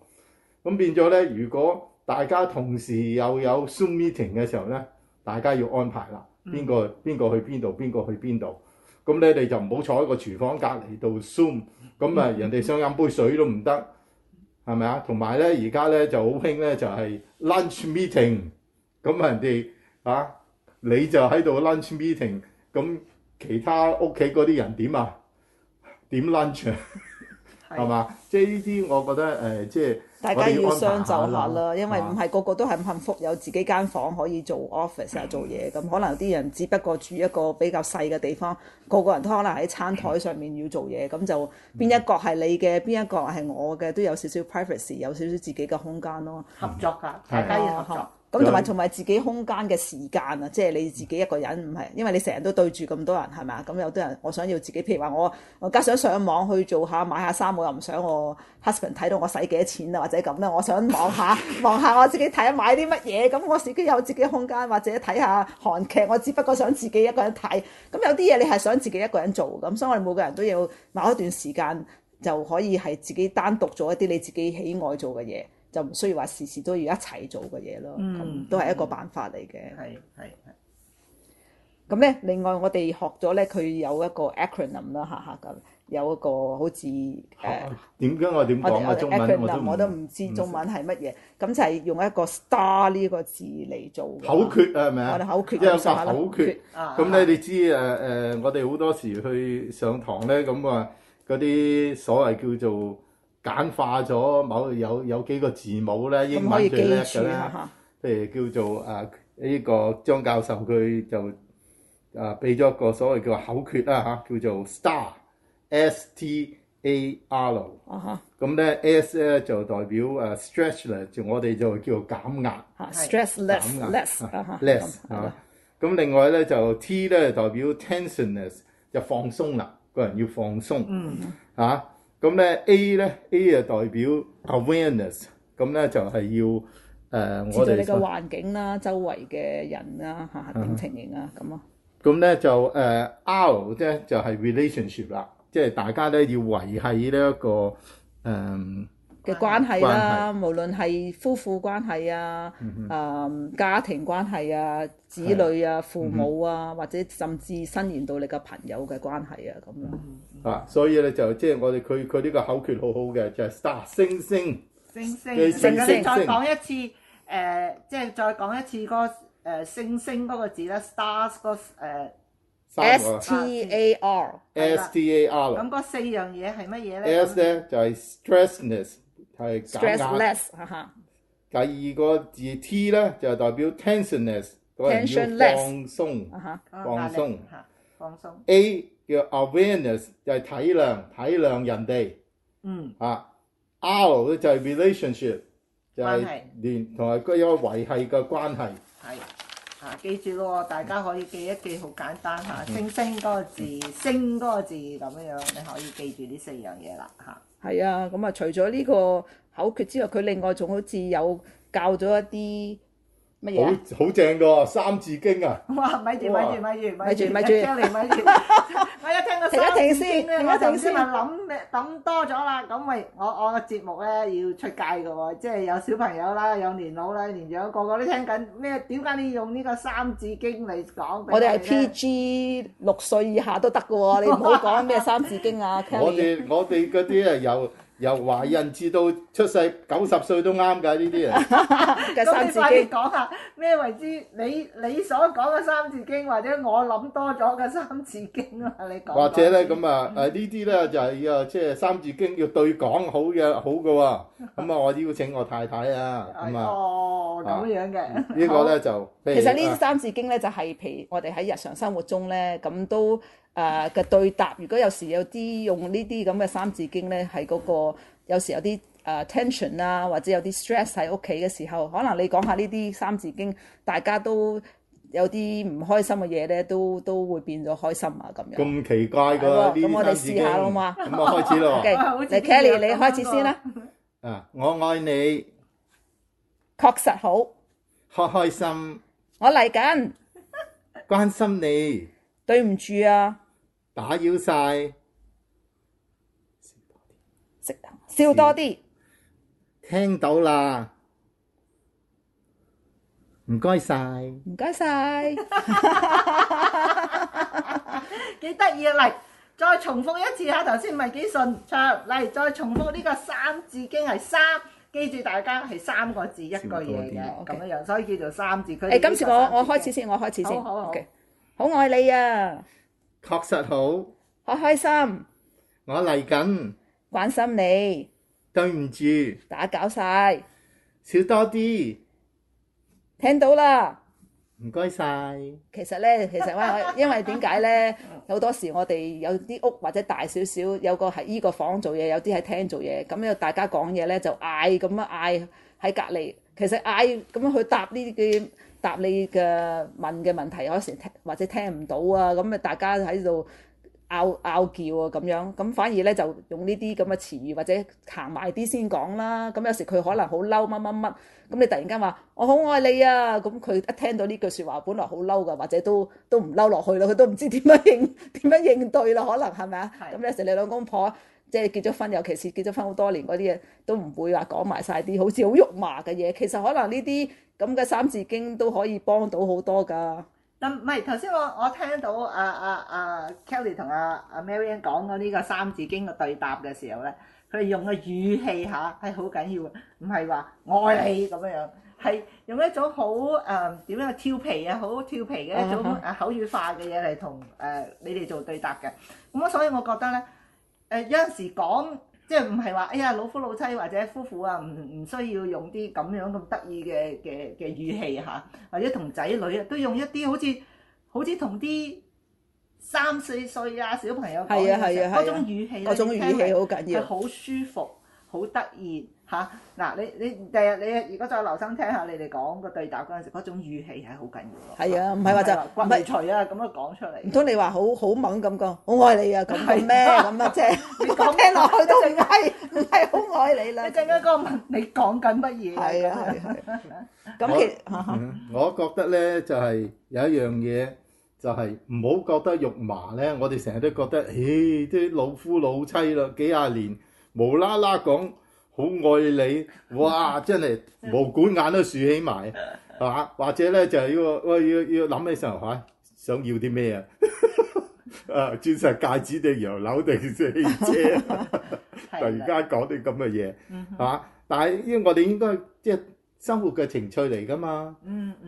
咁變咗咧，如果大家同時又有，有 zoom meeting 嘅時候咧，大家要安排啦。邊個邊個去邊度？邊個去邊度？咁咧，你就唔好坐喺個廚房隔籬度 zoom。咁啊，人哋想飲杯水都唔得，係咪啊？同埋咧，而家咧就好興咧，就係 lunch meeting。咁人哋啊，你就喺度 lunch meeting。咁其他屋企嗰啲人點啊？點 lunch 係嘛？即係呢啲， 吧我覺得誒，即、呃、係、就是、大家要，要相就下啦。因為唔係
個個都係咁幸福，有自己間房可以做 office 啊，做嘢咁。 可能有啲人只不過住一個比較細嘅地方，個個人都可能喺餐台上面要做嘢。咁 就邊一個係你嘅，邊 一個係我嘅，都有少少 privacy，有少少自己嘅空間咯。合作㗎，啊，大家要合作。 咁同埋同埋自己空間嘅時間啊，即係你自己一個人唔係，因為你成日都對住咁多人係嘛？咁有啲人我想要自己，譬如話我我而家想上網去做下買下衫，我又唔想我 husband 睇到我使幾多錢啊，或者咁咧，我想望下望下我自己睇下買啲乜嘢，咁我自己有自己空間，或者睇下韓劇，我只不過想自己一個人睇，咁有啲嘢你係想自己一個人做咁，所以我哋每個人都要某一段時間就可以係自己單獨做一啲你自己喜愛做嘅嘢。就唔需要話時時都要一齊做嘅嘢咯，咁都係一個辦法嚟嘅。係係係。咁咧，另外我哋學咗咧，佢有一個 acronym 啦，嚇嚇咁，
有一個好似誒點解我點講啊？中文 acronym 我都我都
唔知中文係乜嘢，咁就係用一個 star 呢個字嚟做口訣
啊，係咪啊？口訣，因為個口訣咁咧，你知誒誒，我哋好多時去上堂咧，咁話嗰啲所謂叫做。簡化咗某有有幾個字母咧，英文嘅叻咁啦。譬、嗯、如叫做啊呢、呢個張教授佢就啊俾咗一個所謂叫口訣啦嚇，叫做 STAR，S T A R。O, 啊哈！咁咧 S 咧就代表誒 stressless，就、啊、我哋就叫做減壓。
stressless，less，less 啊。
咁另外咧就 T 咧代表 tensionless，就是、放鬆啦，個人要放鬆。嗯。啊、嗯！咁咧 A 咧 A 就代表 awareness，咁咧就係要誒我哋，知、呃、道你嘅環
境啦、啊、周圍嘅人啦、啊、嚇點情形啊咁咯。
咁咧、啊、就誒、呃、R 咧就係、是、relationship 啦，即係大家咧要維係呢一個誒。呃
嘅關係啦，無論係夫婦關係啊，啊家庭關係啊、子女啊、父母啊，或者甚至伸延到你個朋友嘅關係啊，咁樣
啊，所以咧就即係我哋佢佢呢個口訣好好嘅，就係 s t a r 星星星星星星，再講
一
次誒，即係再講一次個誒星星嗰個字咧，stars 個誒 s t a r s t a r 咁嗰四樣嘢係乜嘢咧
？S 咧就係 stressness。係減壓，Stress less, uh huh. 第二個字 T 咧就係代表 tensionless t e n s 嗰個要放鬆，less, uh、huh, 放鬆
鬆。Uh、huh, 放 A
叫 awareness 就係體諒體諒人哋。嗯。啊、uh huh.，R 咧就係 relationship 就係連同埋個有維繫嘅關係。係。啊，記住咯，大家可以記一
記，好簡單嚇，星星嗰個字，星嗰個字咁樣樣，你可以記住呢四樣嘢啦嚇。
啊
啊係啊，咁、嗯、啊，除咗呢個口訣之外，佢另外仲好似有教咗一啲。乜嘢？
好、啊，好正噶《著 三字經》啊！哇，
咪住咪
住
咪住咪住咪
住，我一聽到《三字經》啊，停一停先，停一停
先，咪諗咩？等多咗啦，咁咪我我個節目咧要出街噶喎，即係有小朋友啦，有年老啦，年長個個都聽緊咩？點解你用呢個《三字經》嚟講？我哋係 PG
六歲以下都得噶喎，你唔好講咩《三字經》 啊！ 我哋
我哋嗰啲係有。由懷孕至到出世九十歲都啱㗎，呢啲人。咁 你快啲
講下咩為之你？你你所講嘅三字經，或者我諗多咗嘅三字經說說啊。你講。或者咧咁
啊誒呢啲咧就係啊即係三字經要對講好嘅好嘅喎、啊。咁啊，我邀請我太太啊咁 啊。哦，咁樣嘅。啊這個、呢個咧好就其實呢三
字經咧就係、是、譬如我哋喺日常生活中咧咁都。誒嘅、uh, 對答，如果有時有啲用呢啲咁嘅三字經咧，喺嗰、那個有時有啲誒、uh, tension 啊，或者有啲 stress 喺屋企嘅時候，可能你講下呢啲三字經，大家都有啲唔開心嘅嘢咧，都都會變咗開心啊咁樣。咁奇怪㗎，咁我哋試下好唔好？咁我開始
啦，
嚟 Kelly 你開始先啦。
啊，我愛你，確實好，開開心，我嚟緊， 關心你，對唔住啊。打擾晒，食多啲，笑多啲，聽到啦，唔該晒，唔
該晒，
幾得意啊！嚟，再重複一次吓，頭先唔係幾順暢，唱嚟再重複呢個三字經係三，記住大家係三個字一個嘢
嘅，咁樣樣，所以叫做三字經。誒，今次我我開始先，我開始先，好嘅，好愛你啊！
確實好，好開心。我嚟緊，關心你。對唔住，打攪曬，少多啲。聽到啦，唔該曬。其實咧，其實話，
因為點解咧？好多時我哋有啲屋或者大少少，有個喺依個房做嘢，有啲喺廳做嘢。咁咧，大家講嘢咧就嗌咁樣嗌喺隔離。其實嗌咁樣去搭呢啲嘅。答你嘅問嘅問題，有時或者聽唔到啊，咁啊大家喺度拗拗叫啊咁樣，咁反而咧就用呢啲咁嘅詞語，或者行埋啲先講啦。咁有時佢可能好嬲乜乜乜，咁你突然間話我好愛你啊，咁佢一聽到呢句説話，本來好嬲㗎，或者都都唔嬲落去啦，佢都唔知點樣應點樣應對啦，可能係咪啊？咁是的、嗯、有時你兩公婆。即係結咗婚，尤其是結咗婚好多年嗰啲嘢，都唔會話講埋曬啲好似好肉麻嘅嘢。其實可能呢啲咁嘅《三字經》都可以幫到好多噶。
但唔係頭先我我聽到阿阿阿 Kelly 同阿阿 Marian 講嗰呢個《三字經》嘅對答嘅時候咧，佢哋用嘅語氣嚇係好緊要嘅，唔係話愛你咁樣樣，係用一種好誒點樣調皮啊，好調皮嘅一種啊口語化嘅嘢嚟同誒你哋做對答嘅。咁啊，所以我覺得咧。誒有陣時講，即係唔係話，哎呀老夫老妻或者夫婦啊，唔唔需要用啲咁樣咁得意嘅嘅嘅語氣嚇、啊，或者同仔女啊，都用一啲好似好似同啲三四歲啊小朋友講嗰、係啊係啊、種語氣咧，嗰種語氣好緊要，係好舒服，好得意。嚇嗱！你你第日你如果再留心聽下你哋講個對答嗰陣時，嗰種語
氣係好緊要咯。係啊，唔係話就骨嚟除啊咁樣講出
嚟。唔通你
話好好猛咁講，好愛你啊咁咩咁啊啫？我聽落去都唔係好愛你啦。你陣間嗰個問你講緊乜嘢？係啊係啊。
咁我我覺得咧就係有一樣嘢就係唔好覺得肉麻咧。我哋成日都覺得，咦啲老夫老妻咯，幾廿年無啦啦講。好愛你，哇！真係毛管眼都豎起埋，嚇！或者咧就係、是、要，我要要諗起上海、啊，想要啲咩 啊？誒，鑽石戒指定洋樓定私車？四姐
突然間
講啲咁嘅嘢，嚇的、啊！但係因為我哋應該即係、就是、生活嘅情趣嚟㗎嘛，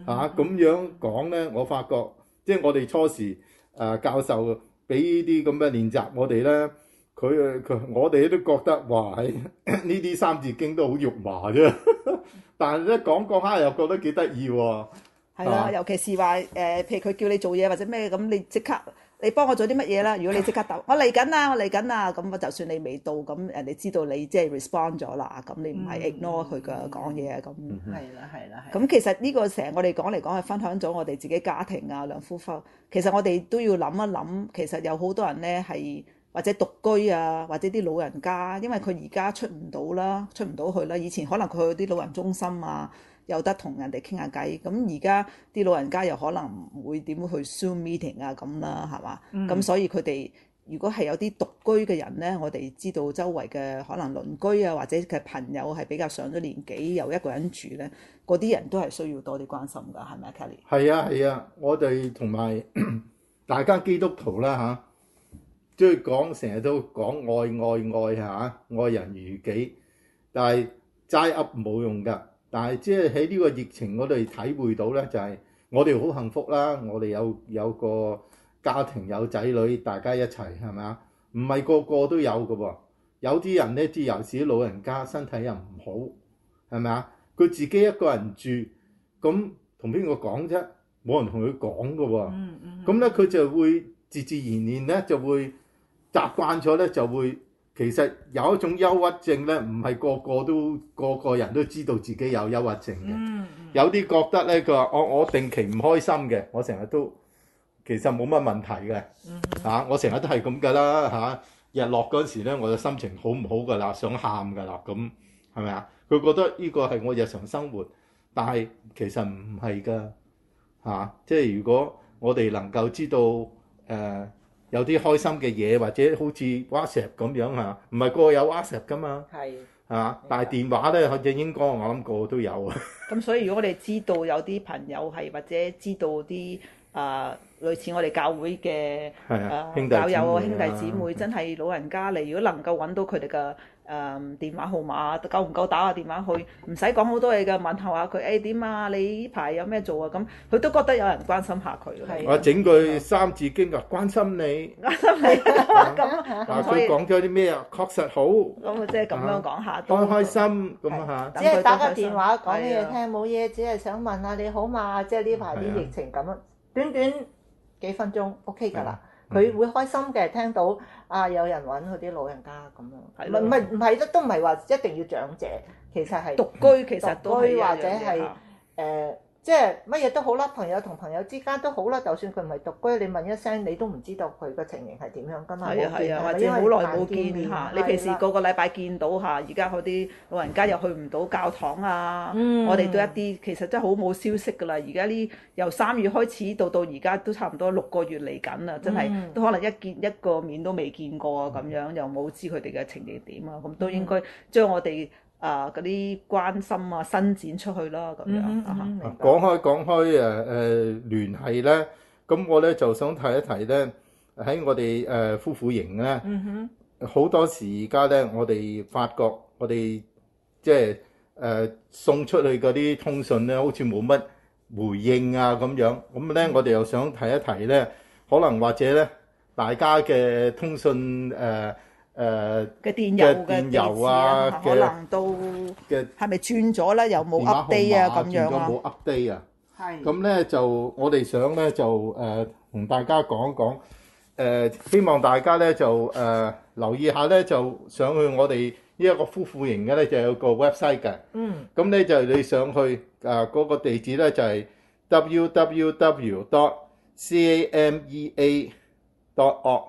嚇、啊、咁樣講咧，我發覺即係、就是、我哋初時誒、呃、教授俾呢啲咁嘅練習我哋咧。佢誒佢，我哋都覺得話，係呢啲三字經都好肉麻啫，但係一講個刻又覺得幾得意喎。係啦，尤
其是話誒，譬如佢叫你做嘢或者咩咁，你即刻你幫我做啲乜嘢啦？如果你即刻答我嚟緊啦，我嚟緊啦，咁我就算你未到，咁人哋知道你即係 respond 咗啦，咁你唔係 ignore 佢嘅講嘢咁。係
啦係啦係。
咁其實呢個成日我哋講嚟講去，分享咗我哋自己家庭啊兩夫婦，其實我哋都要諗一諗，其實有好多人咧係。或者獨居啊，或者啲老人家，因為佢而家出唔到啦，出唔到去啦。以前可能佢去啲老人中心啊，又得同人哋傾下偈。咁而家啲老人家又可能會點去 Zoom meeting 啊咁啦，係嘛？咁、嗯、所以佢哋如果係有啲獨居嘅人咧，我哋知道周圍嘅可能鄰居啊，或者嘅朋友係比較上咗年紀又一個人住咧，嗰啲人都係需要多啲關心㗎，係咪？Kelly？
係啊係啊，我哋同埋大家基督徒啦、啊、吓。即係講成日都講愛愛愛嚇、啊，愛人如己，但係齋噏冇用㗎。但係即係喺呢個疫情嗰度體會到咧，就係、是、我哋好幸福啦。我哋有有個家庭，有仔女，大家一齊係咪啊？唔係個個都有㗎喎、哦。有啲人咧，啲尤其是老人家身體又唔好，係咪啊？佢自己一個人住，咁同邊個講啫？冇人同佢講㗎喎。嗯嗯。咁咧，佢就會自自然然咧就會。習慣咗咧就會，其實有一種憂鬱症咧，唔係個個都個個人都知道自己有憂鬱症嘅。Mm hmm. 有啲覺得咧，佢話：我我定期唔開心嘅，我成日都其實冇乜問題嘅。嚇、mm hmm. 啊，我成日都係咁㗎喇。嚇、啊，日落嗰時咧，我就心情好唔好㗎喇，想喊㗎喇。咁係咪啊？佢覺得呢個係我日常生活，但係其實唔係㗎。嚇、啊，即係如果我哋能夠知道誒。呃有啲開心嘅嘢，或者好似 WhatsApp 咁樣啊，唔係個個有 WhatsApp 㗎嘛？係的啊，的但係電話咧，正應該，應該我諗個個都有啊。咁
所以如果我哋知道有啲朋友係，或者知道啲啊。類似我哋教會嘅啊，教友啊兄弟姊妹，真係老人家嚟，如果能夠揾到佢哋嘅誒電話號碼，夠唔夠打個電話去？唔使講好多嘢嘅問候下佢，誒點啊？你呢排有咩做啊？咁佢都覺得有人關心下佢。我
整句三字經㗎，關心你，關心你。
咁
咁，佢講
咗啲咩啊？確實好。
咁啊，即係咁樣講下。都開
心咁啊嚇！即係打個電話講嘢
聽，冇嘢，只係想問下你好嘛？即係呢排啲疫情咁，短短。幾分鐘 OK 噶啦，佢、嗯、會開心嘅，聽到啊有人揾佢啲老人家咁樣，係，唔係唔係唔係都都唔係話一定要長者，其實係獨、嗯、居，其實獨居或者係誒。呃即係乜嘢都好啦，朋友同朋友之間都好啦。就算佢唔係獨居，你問一聲，你都唔知道佢個情形係點樣噶嘛。或者好耐冇見嚇？你平時個
個禮拜見到嚇，而家嗰啲老人家又去唔到教堂啊。嗯、我哋都一啲，其實真係好冇消息㗎啦。而家呢由三月開始到到而家都差唔多六個月嚟緊啦，真係都可能一見、嗯、一個面都未見過咁樣，嗯、又冇知佢哋嘅情形點啊。咁都應該將我哋。啊，嗰啲、呃、關心啊，伸展出去啦，
咁樣、
嗯、哼啊嚇、啊。講開講開，誒、呃、誒聯繫咧，咁我咧就想提一提咧，喺我哋誒、呃、夫婦營咧，好、嗯、哼多時而家咧，我哋發覺我哋即係誒送出去嗰啲通訊咧，好似冇乜回應啊咁樣。咁咧，我哋又想提一提咧，可能或者咧，大家嘅通訊誒。呃誒嘅電郵嘅電郵啊，可能都嘅
係咪轉咗咧？有冇 update 啊？咁樣啊？電話
號碼轉咗冇 update 啊？係。咁咧就我哋想咧就誒同大家講一講，誒希望大家咧就誒留意下咧就上去我哋呢一個夫婦型嘅咧就有個 website 嘅。嗯。咁咧就係你想去啊嗰個地址咧就係 www.camea.org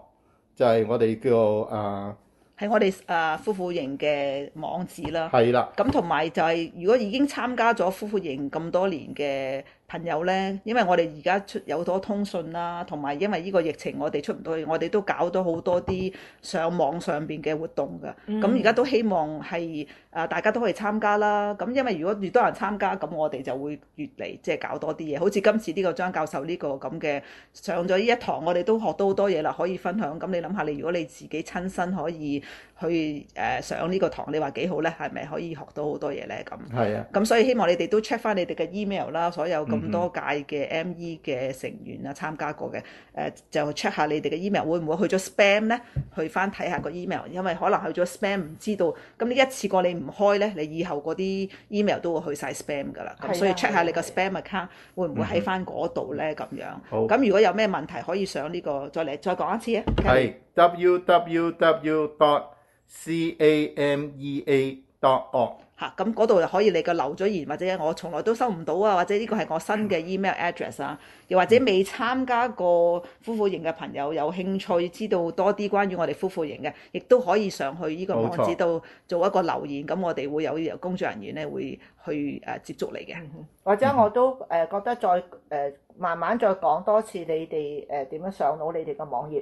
就係我哋叫啊。喺我哋誒
夫婦營嘅網址啦，係啦，咁同埋就係如果已經參加咗夫婦營咁多年嘅。朋友咧，因為我哋而家出有咗通訊啦，同埋因為呢個疫情，我哋出唔到，我哋都搞咗好多啲上網上邊嘅活動㗎。咁而家都希望係誒大家都可以參加啦。咁因為如果越多人參加，咁我哋就會越嚟即係搞多啲嘢。好似今次呢個張教授呢個咁嘅上咗呢一堂，我哋都學到好多嘢啦，可以分享。咁你諗下，你如果你自己親身可以。去誒、呃、上呢個堂，你話幾好咧？係咪可以學到好多嘢咧？咁係啊，咁所以希望你哋都 check 翻你哋嘅 email 啦，所有咁多屆嘅 ME 嘅成員啊參加過嘅誒、呃，就 check 下你哋嘅 email 會唔會去咗 spam 咧？去翻睇下個 email，因為可能去咗 spam，唔知道咁你一次過你唔開咧，你以後嗰啲 email 都會去晒 spam 㗎啦。咁、啊、所以 check 下你個 spam account、啊、會唔會喺翻嗰度咧？咁樣好。咁、啊、如果有咩問題，可以上呢個再嚟再講一次啊。
係 www. c a m e a. dot.
哈、嗯，咁嗰度又可以你個留咗言，或者我從來都收唔到啊，或者呢個係我新嘅 email address 啊，又或者未參加過夫婦營嘅朋友有興趣知道多啲關於我哋夫婦營嘅，亦都可以上去呢個網址度做一個留言，咁錯我哋會有工作人員咧會去誒接觸你嘅。
或者我都誒覺得再誒慢慢再講多次你哋誒點樣上到你哋嘅網頁。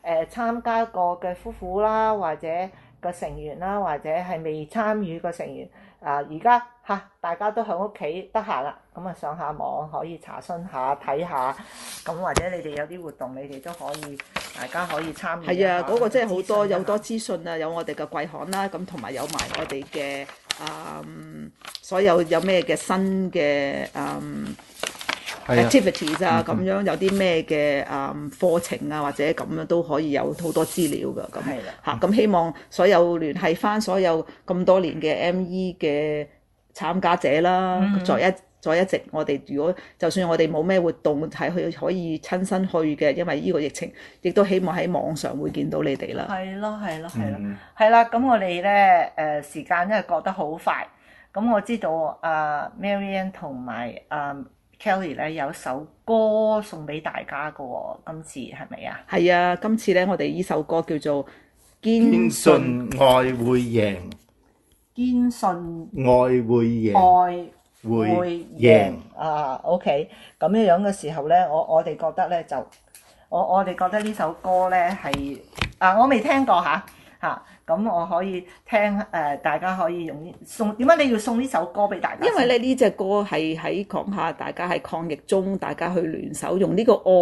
誒、呃、參加過嘅夫婦啦，或者個成員啦，或者係未參與過成員，啊而家嚇大家都喺屋企得閒啦，咁啊上下網可以查詢下睇下，咁或者你哋有啲活動，你哋都可以，大家可以參與。係啊，嗰、那個
真係好多，訊有多資訊啊，有我哋嘅貴行啦，咁同埋有埋我哋嘅嗯所有有咩嘅新嘅嗯。activities 啊，咁、嗯、樣有啲咩嘅啊課程啊，或者咁樣都可以有好多資料噶，咁係啦嚇。咁的、嗯、希望所有聯繫返所有咁多年嘅 ME 嘅參加者啦，嗯、再一再一直我哋，如果就算我哋冇咩活動喺去可以親身去嘅，因為呢個疫情，亦都希望喺網上會見到你哋啦。係咯，係咯，係
咯，係啦。咁、嗯、我哋咧，誒，時間真係過得好快。咁我知道阿、uh, Marian 同埋阿。Kelly 咧有首歌送俾大家嘅，今次係咪啊？
係啊，今次咧我哋呢首歌叫做《堅
信愛會贏》，
堅信
愛會贏，愛會贏
啊！OK，咁樣樣嘅時候咧，我我哋覺得咧就，我我哋覺得呢首歌咧係啊，我未聽過吓吓。咁我可以聽誒、呃，大家可以用送點解你要送呢首歌俾大家？因為咧
呢隻歌係喺講下大家喺抗疫中，大家去聯手用呢個愛，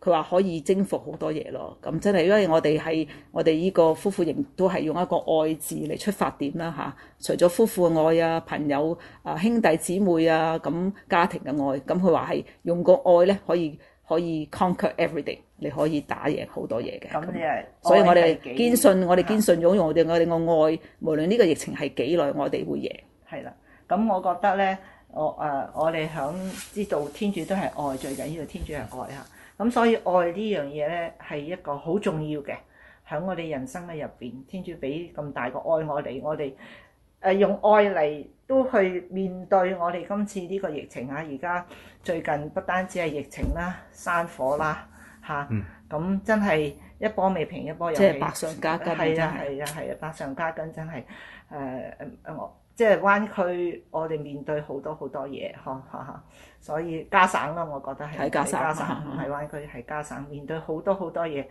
佢話可以征服好多嘢咯。咁真係因為我哋係我哋呢個夫婦型都係用一個愛字嚟出發點啦吓、啊，除咗夫婦嘅愛啊，朋友啊、兄弟姊妹啊，咁、啊、家庭嘅愛，咁佢話係用個愛咧可以。可以 conquer everything，你可以打贏好多嘢嘅。咁你係，所以我哋堅信，我哋堅信，用用我哋我哋嘅愛，無論呢個疫情係幾耐，我哋會贏。
係啦，咁我覺得咧，我誒我哋響知道天主都係愛最緊要，天主係愛嚇。咁所以愛呢樣嘢咧係一個好重要嘅，喺我哋人生嘅入邊，天主俾咁大個愛我哋，我哋。誒用愛嚟都去面對我哋今次呢個疫情啊！而家最近不單止係疫情啦，山火啦嚇，咁、啊嗯、真係一波未平一波又起，係啊係啊係啊，百、啊啊啊啊、上加斤，真係誒誒，即係灣區我哋面對好多好多嘢呵嚇嚇，所以加省啦，我覺得係加省唔係、啊、灣區係加省，面對好多好多嘢，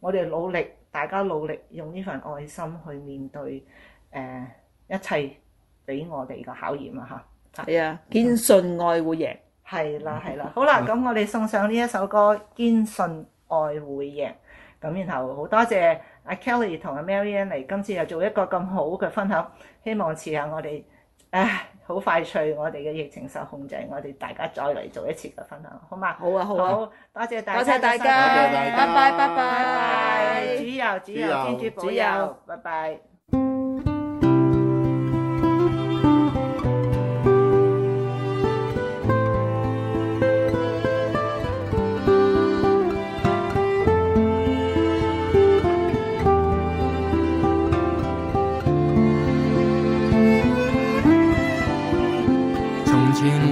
我哋努力，大家努力用呢份愛心去面對誒。啊一切俾我哋個考驗啊！吓，係啊，堅
信愛會贏，
係啦係啦，好啦，咁、嗯、我哋送上呢一首歌《堅信愛會贏》，咁然後好多謝阿 Kelly 同阿 Maryan 嚟，今次又做一個咁好嘅分享，希望遲下我哋唉好快脆，我哋嘅疫情受控制，我哋大家再嚟做一次嘅分享，好嘛、啊？好啊，好多謝，多謝大家，多謝大家，拜拜，拜拜，主佑主佑，天主保佑，
拜拜。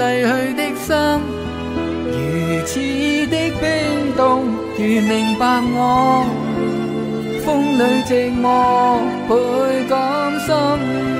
逝去的心，如此的冰凍，如明白我，風裏寂寞倍感心痛。